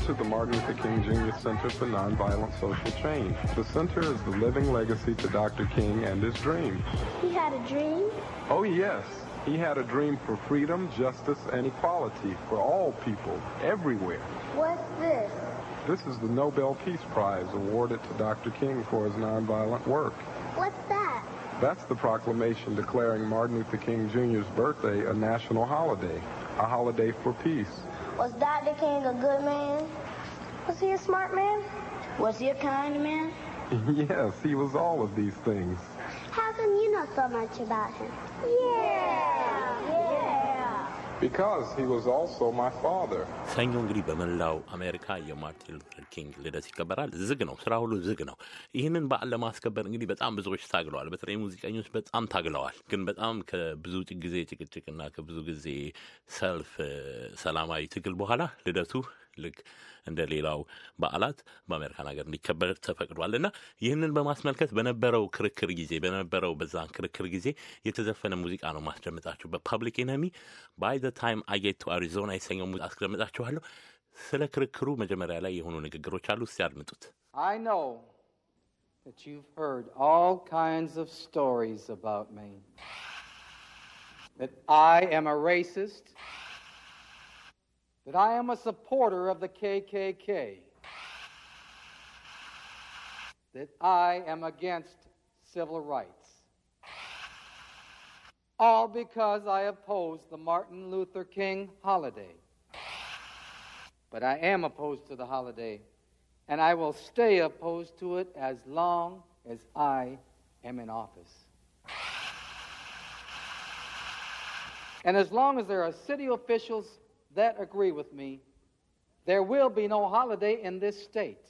to the Martin Luther King Jr. Center for Nonviolent Social Change. The center is the living legacy to Dr. King and his dream. He had a dream? Oh, yes. He had a dream for freedom, justice, and equality for all people, everywhere. What's this? This is the Nobel Peace Prize awarded to Dr. King for his nonviolent work. What's that? That's the proclamation declaring Martin Luther King Jr.'s birthday a national holiday, a holiday for peace. Was Dr. King a good man? Was he a smart man? Was he a kind man? yes, he was all of these things. How come you know so much about him? Yeah! ሰኞ እንግዲህ በመላው አሜሪካ የማርቲን ሉተር ኪንግ ልደት ይከበራል። ዝግ ነው፣ ስራ ሁሉ ዝግ ነው። ይህንን በዓል ለማስከበር እንግዲህ በጣም ብዙዎች ታግለዋል። በተለይ ሙዚቀኞች በጣም ታግለዋል። ግን በጣም ከብዙ ጊዜ ጭቅጭቅና ከብዙ ጊዜ ሰልፍ፣ ሰላማዊ ትግል በኋላ ልደቱ ልክ እንደ ሌላው በዓላት በአሜሪካን ሀገር እንዲከበር ተፈቅዷል እና ይህንን በማስመልከት በነበረው ክርክር ጊዜ በነበረው በዛን ክርክር ጊዜ የተዘፈነ ሙዚቃ ነው ማስደምጣችሁ። በፓብሊክ ኢነሚ ባይ ዘ ታይም አይ ቱ አሪዞና የሰኘው ሙዚቃ አስደምጣችኋለሁ። ስለ ክርክሩ መጀመሪያ ላይ የሆኑ ንግግሮች አሉ፣ እስቲ አድምጡት I know that you've heard all kinds of stories about me. That I am a racist. that I am a supporter of the KKK, that I am against civil rights, all because I oppose the Martin Luther King holiday. But I am opposed to the holiday, and I will stay opposed to it as long as I am in office. And as long as there are city officials that agree with me, there will be no holiday in this state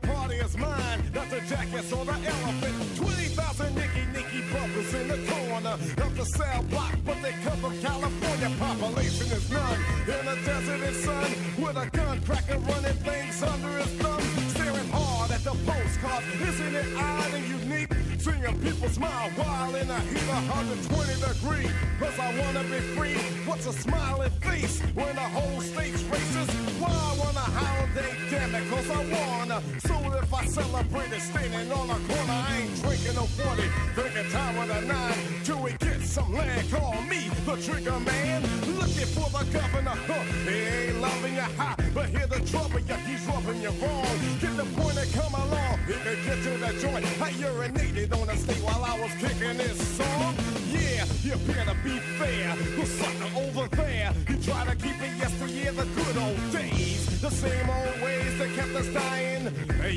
the party is mine, not the jackass or the elephant. 20,000 Nicky Nicky bubbles in the corner of the cell block, but they cover California. Population is none in the desert and sun with a gun cracker running things under his thumb. Staring hard at the postcards, isn't it odd and unique? Seeing people smile while in a heat of 120 degrees. Cause I wanna be free. What's a smiling face when the whole state's racist? holiday dinner, cause I wanna. Soon if I celebrate it, standing on the corner, I ain't drinking no 40, drinking time with a nine. Till we get some land, call me the trigger man. Looking for the governor, huh? He ain't loving you hot, but hear the trouble, yeah, he's rubbing you wrong. Get the point and come along, he can get to the joint. I urinated on the state while I was kicking this song. Yeah, you better be fair. The sucker over there, he tried to keep it yesteryear, the good old days. The same old ways that kept us dying.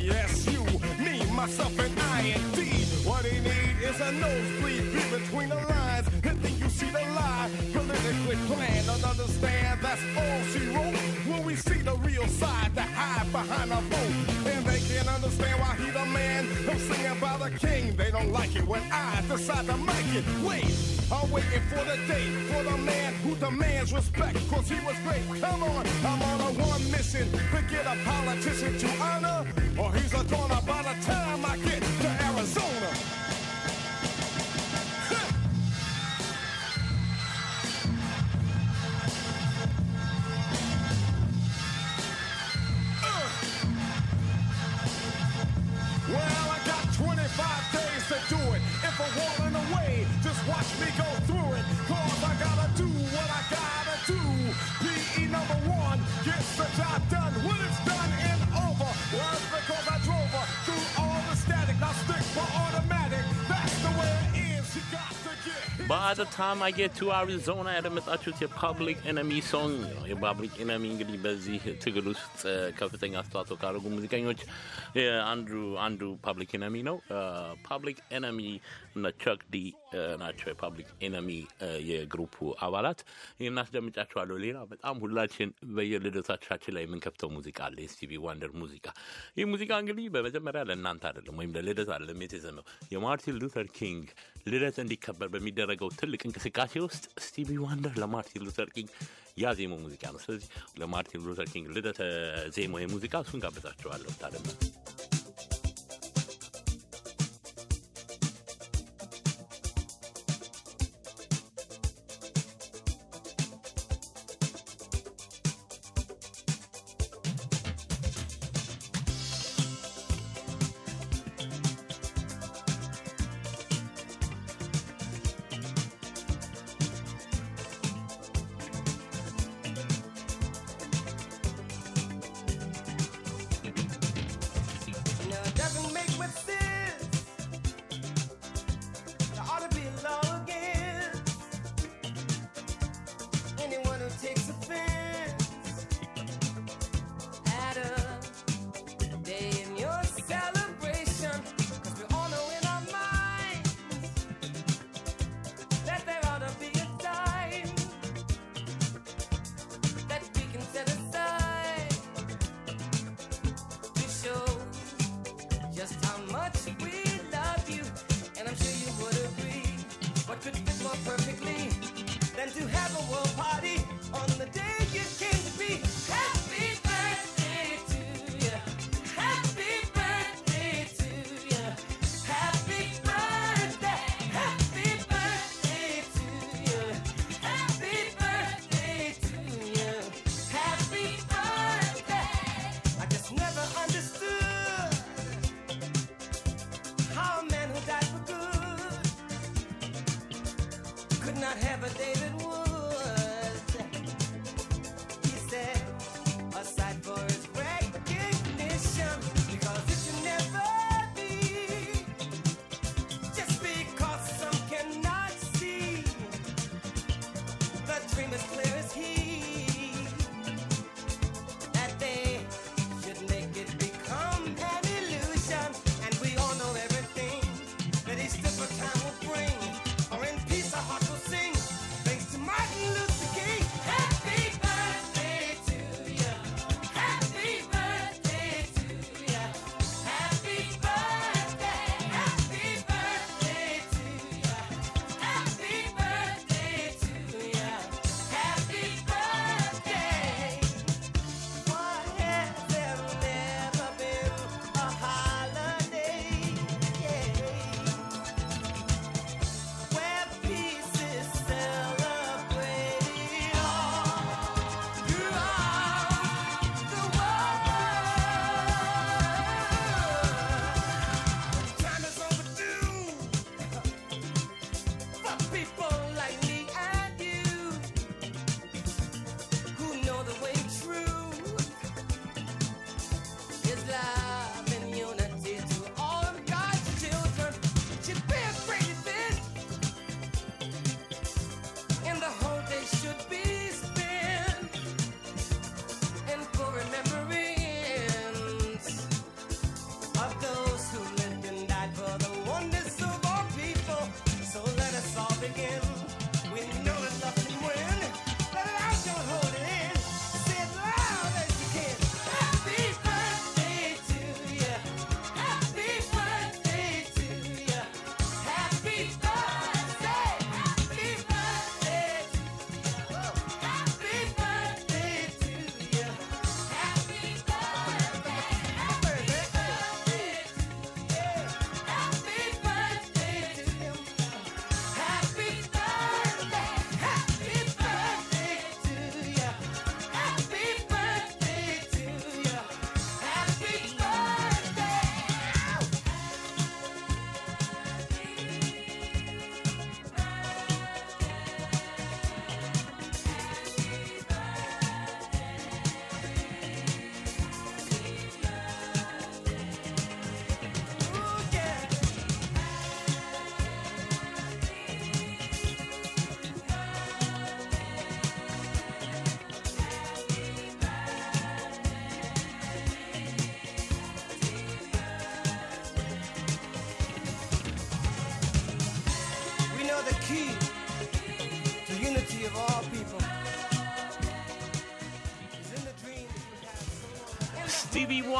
Yes, you, me, myself, and I indeed. What he needs. It's a nosebleed peep between the lines. And then you see the lie. Politically planned and understand that's all she wrote. When we see the real side, the hide behind a boat. And they can't understand why he the man. i singing by the king. They don't like it when I decide to make it. Wait, I'm waiting for the day. For the man who demands respect. Cause he was great. Come on, I'm on a one mission. Forget a politician to honor. Or he's a goner by the time I get to Arizona. By the time I get to Arizona ያደመጣችሁት የፓብሊክ ኤነሚ ሶንግ ነው። የፓብሊክ ኤነሚ እንግዲህ በዚህ ትግል ውስጥ ከፍተኛ አስተዋጽኦ ካደረጉ ሙዚቀኞች አንዱ አንዱ ፓብሊክ ኤነሚ ነው። ፓብሊክ ኤነሚ እነ ቸክ ዲ ናቸው የፓብሊክ ኤነሚ የግሩፑ አባላት። ይህ እናስደምጫቸዋለሁ። ሌላ በጣም ሁላችን በየልደቶቻችን ላይ የምንከፍተው ሙዚቃ አለ፣ የስቲቪ ዋንደር ሙዚቃ። ይህ ሙዚቃ እንግዲህ በመጀመሪያ ለእናንተ አይደለም ወይም ለልደት አይደለም የተዘመው የማርቲን ሉተር ኪንግ ልደት እንዲከበር በሚደረገው ትልቅ እንቅስቃሴ ውስጥ ስቲቪ ዋንደር ለማርቲን ሉተር ኪንግ ያዜመው ሙዚቃ ነው። ስለዚህ ለማርቲን ሉተር ኪንግ ልደት ዜሞ የሙዚቃ እሱን ጋብዛቸዋለሁ ታደምጡ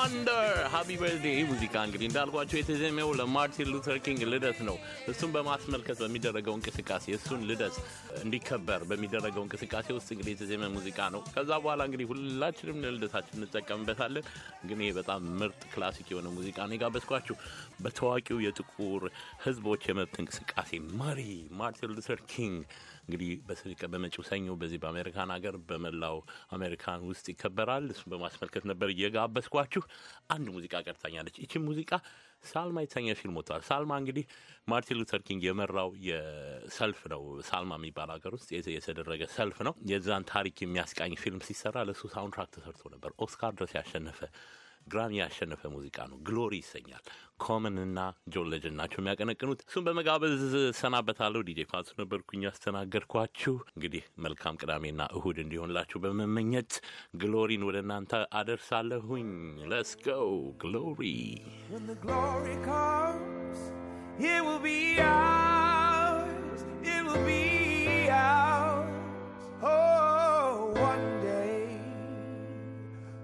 ዋንደር ሀቢ በርዝዴ። ይህ ሙዚቃ እንግዲህ እንዳልኳቸው የተዘሜው ለማርቲን ሉተር ኪንግ ልደት ነው። እሱን በማስመልከት በሚደረገው እንቅስቃሴ እሱን ልደት እንዲከበር በሚደረገው እንቅስቃሴ ውስጥ እንግዲህ የተዜመ ሙዚቃ ነው። ከዛ በኋላ እንግዲህ ሁላችንም ለልደታችን እንጠቀምበታለን። ግን ይሄ በጣም ምርጥ ክላሲክ የሆነ ሙዚቃ ነው የጋበዝኳችሁ በታዋቂው የጥቁር ሕዝቦች የመብት እንቅስቃሴ መሪ ማርቲን ሉተር ኪንግ እንግዲህ በመጪው ሰኞ በዚህ በአሜሪካን ሀገር በመላው አሜሪካን ውስጥ ይከበራል። እሱ በማስመልከት ነበር እየጋበዝኳችሁ። አንድ ሙዚቃ ቀርታኛለች። ይቺ ሙዚቃ ሳልማ የተሰኘ ፊልም ወጥቷል። ሳልማ እንግዲህ ማርቲን ሉተር ኪንግ የመራው የሰልፍ ነው። ሳልማ የሚባል ሀገር ውስጥ የተደረገ ሰልፍ ነው። የዛን ታሪክ የሚያስቃኝ ፊልም ሲሰራ ለእሱ ትራክ ተሰርቶ ነበር። ኦስካር ድረስ ያሸነፈ ግራሚ ያሸነፈ ሙዚቃ ነው። ግሎሪ ይሰኛል። ኮመን እና ጆን ሌጀንድ ናቸው የሚያቀነቅኑት። እሱም በመጋበዝ ሰናበታለሁ። ዲጄ ፋሱ ነበርኩኝ ያስተናገድኳችሁ። እንግዲህ መልካም ቅዳሜና እሁድ እንዲሆንላችሁ በመመኘት ግሎሪን ወደ እናንተ አደርሳለሁኝ። ለስ ጎ ግሎሪ Oh.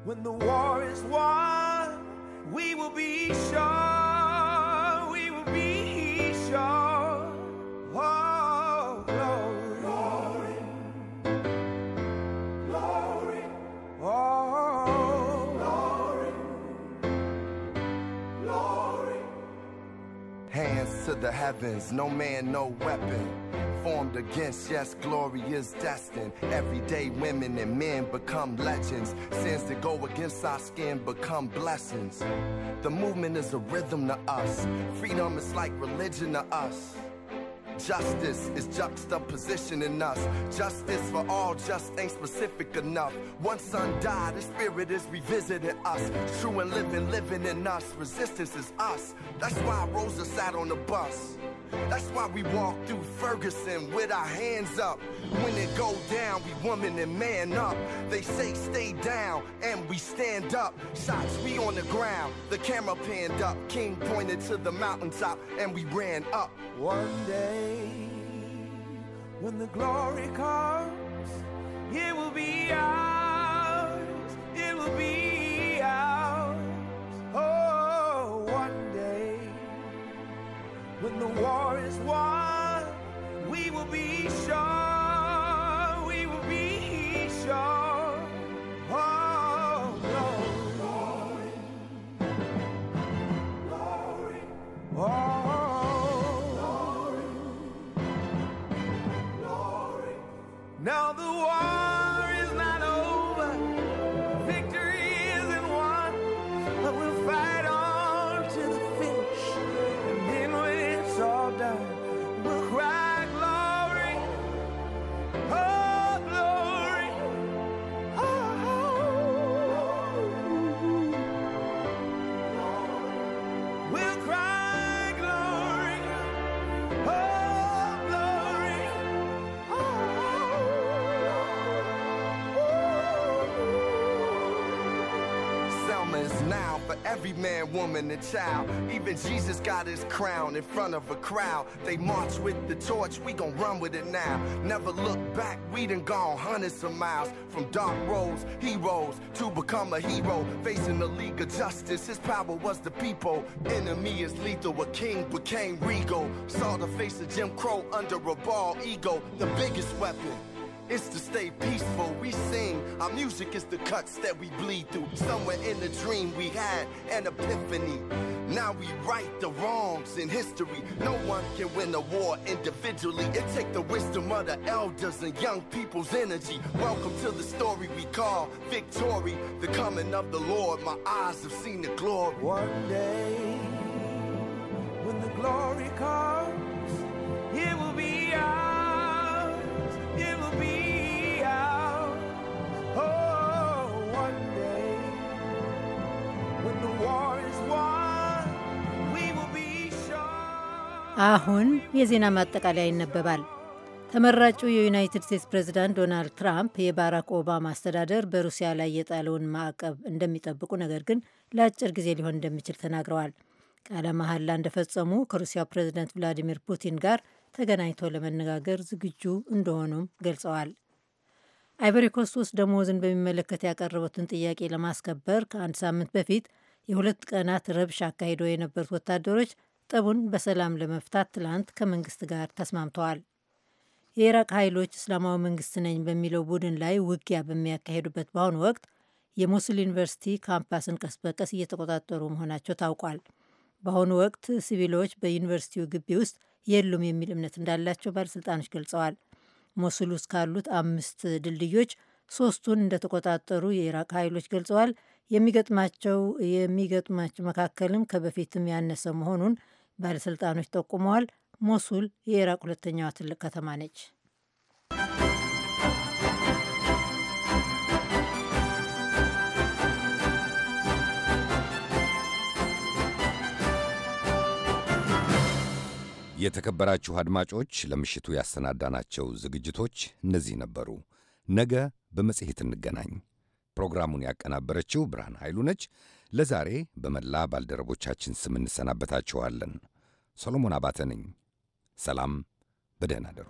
When the war is won, we will be sure, we will be sure. Oh, glory, glory, glory, oh, glory, glory. Hands to the heavens, no man, no weapon formed against. Yes, glory is destined. Everyday women and men become legends. Sins that go against our skin become blessings. The movement is a rhythm to us. Freedom is like religion to us. Justice is juxtaposition in us. Justice for all just ain't specific enough. One son died, The spirit is revisiting us. True and living, living in us. Resistance is us. That's why Rosa sat on the bus. That's why we walk through Ferguson with our hands up. When it go down, we woman and man up. They say stay down, and we stand up. Shots, we on the ground. The camera panned up. King pointed to the mountaintop, and we ran up. One day, when the glory comes, it will be ours. It will be ours. When the war is won, we will be sure, we will be sure. Oh, no. Glory, glory. Oh. every man, woman, and child. Even Jesus got his crown in front of a crowd. They march with the torch, we gon' run with it now. Never look back, we done gone hundreds of miles. From dark roads, heroes, to become a hero. Facing the League of Justice, his power was the people. Enemy is lethal, a king became regal. Saw the face of Jim Crow under a ball ego, the biggest weapon. It's to stay peaceful, we sing. Our music is the cuts that we bleed through. Somewhere in the dream we had an epiphany. Now we right the wrongs in history. No one can win a war individually. It takes the wisdom of the elders and young people's energy. Welcome to the story we call victory. The coming of the Lord, my eyes have seen the glory. One day, when the glory comes, it will አሁን የዜና ማጠቃለያ ይነበባል። ተመራጩ የዩናይትድ ስቴትስ ፕሬዚዳንት ዶናልድ ትራምፕ የባራክ ኦባማ አስተዳደር በሩሲያ ላይ የጣለውን ማዕቀብ እንደሚጠብቁ፣ ነገር ግን ለአጭር ጊዜ ሊሆን እንደሚችል ተናግረዋል። ቃለ መሐላ እንደፈጸሙ ከሩሲያው ፕሬዚዳንት ቭላዲሚር ፑቲን ጋር ተገናኝቶ ለመነጋገር ዝግጁ እንደሆኑም ገልጸዋል። አይቨሪኮስት ውስጥ ደሞዝን በሚመለከት ያቀረቡትን ጥያቄ ለማስከበር ከአንድ ሳምንት በፊት የሁለት ቀናት ረብሻ አካሂደው የነበሩት ወታደሮች መታጠቡን በሰላም ለመፍታት ትላንት ከመንግስት ጋር ተስማምተዋል። የኢራቅ ኃይሎች እስላማዊ መንግስት ነኝ በሚለው ቡድን ላይ ውጊያ በሚያካሄዱበት በአሁኑ ወቅት የሞስል ዩኒቨርሲቲ ካምፓስን ቀስ በቀስ እየተቆጣጠሩ መሆናቸው ታውቋል። በአሁኑ ወቅት ሲቪሎች በዩኒቨርሲቲው ግቢ ውስጥ የሉም የሚል እምነት እንዳላቸው ባለሥልጣኖች ገልጸዋል። ሞሱል ውስጥ ካሉት አምስት ድልድዮች ሶስቱን እንደተቆጣጠሩ የኢራቅ ኃይሎች ገልጸዋል። የሚገጥማቸው የሚገጥማቸው መካከልም ከበፊትም ያነሰ መሆኑን ባለሥልጣኖች ጠቁመዋል። ሞሱል የኢራቅ ሁለተኛዋ ትልቅ ከተማ ነች። የተከበራችሁ አድማጮች ለምሽቱ ያሰናዳናቸው ዝግጅቶች እነዚህ ነበሩ። ነገ በመጽሔት እንገናኝ። ፕሮግራሙን ያቀናበረችው ብርሃን ኃይሉ ነች። ለዛሬ በመላ ባልደረቦቻችን ስም እንሰናበታችኋለን። ሰሎሞን አባተ ነኝ። ሰላም፣ በደህና አደሩ።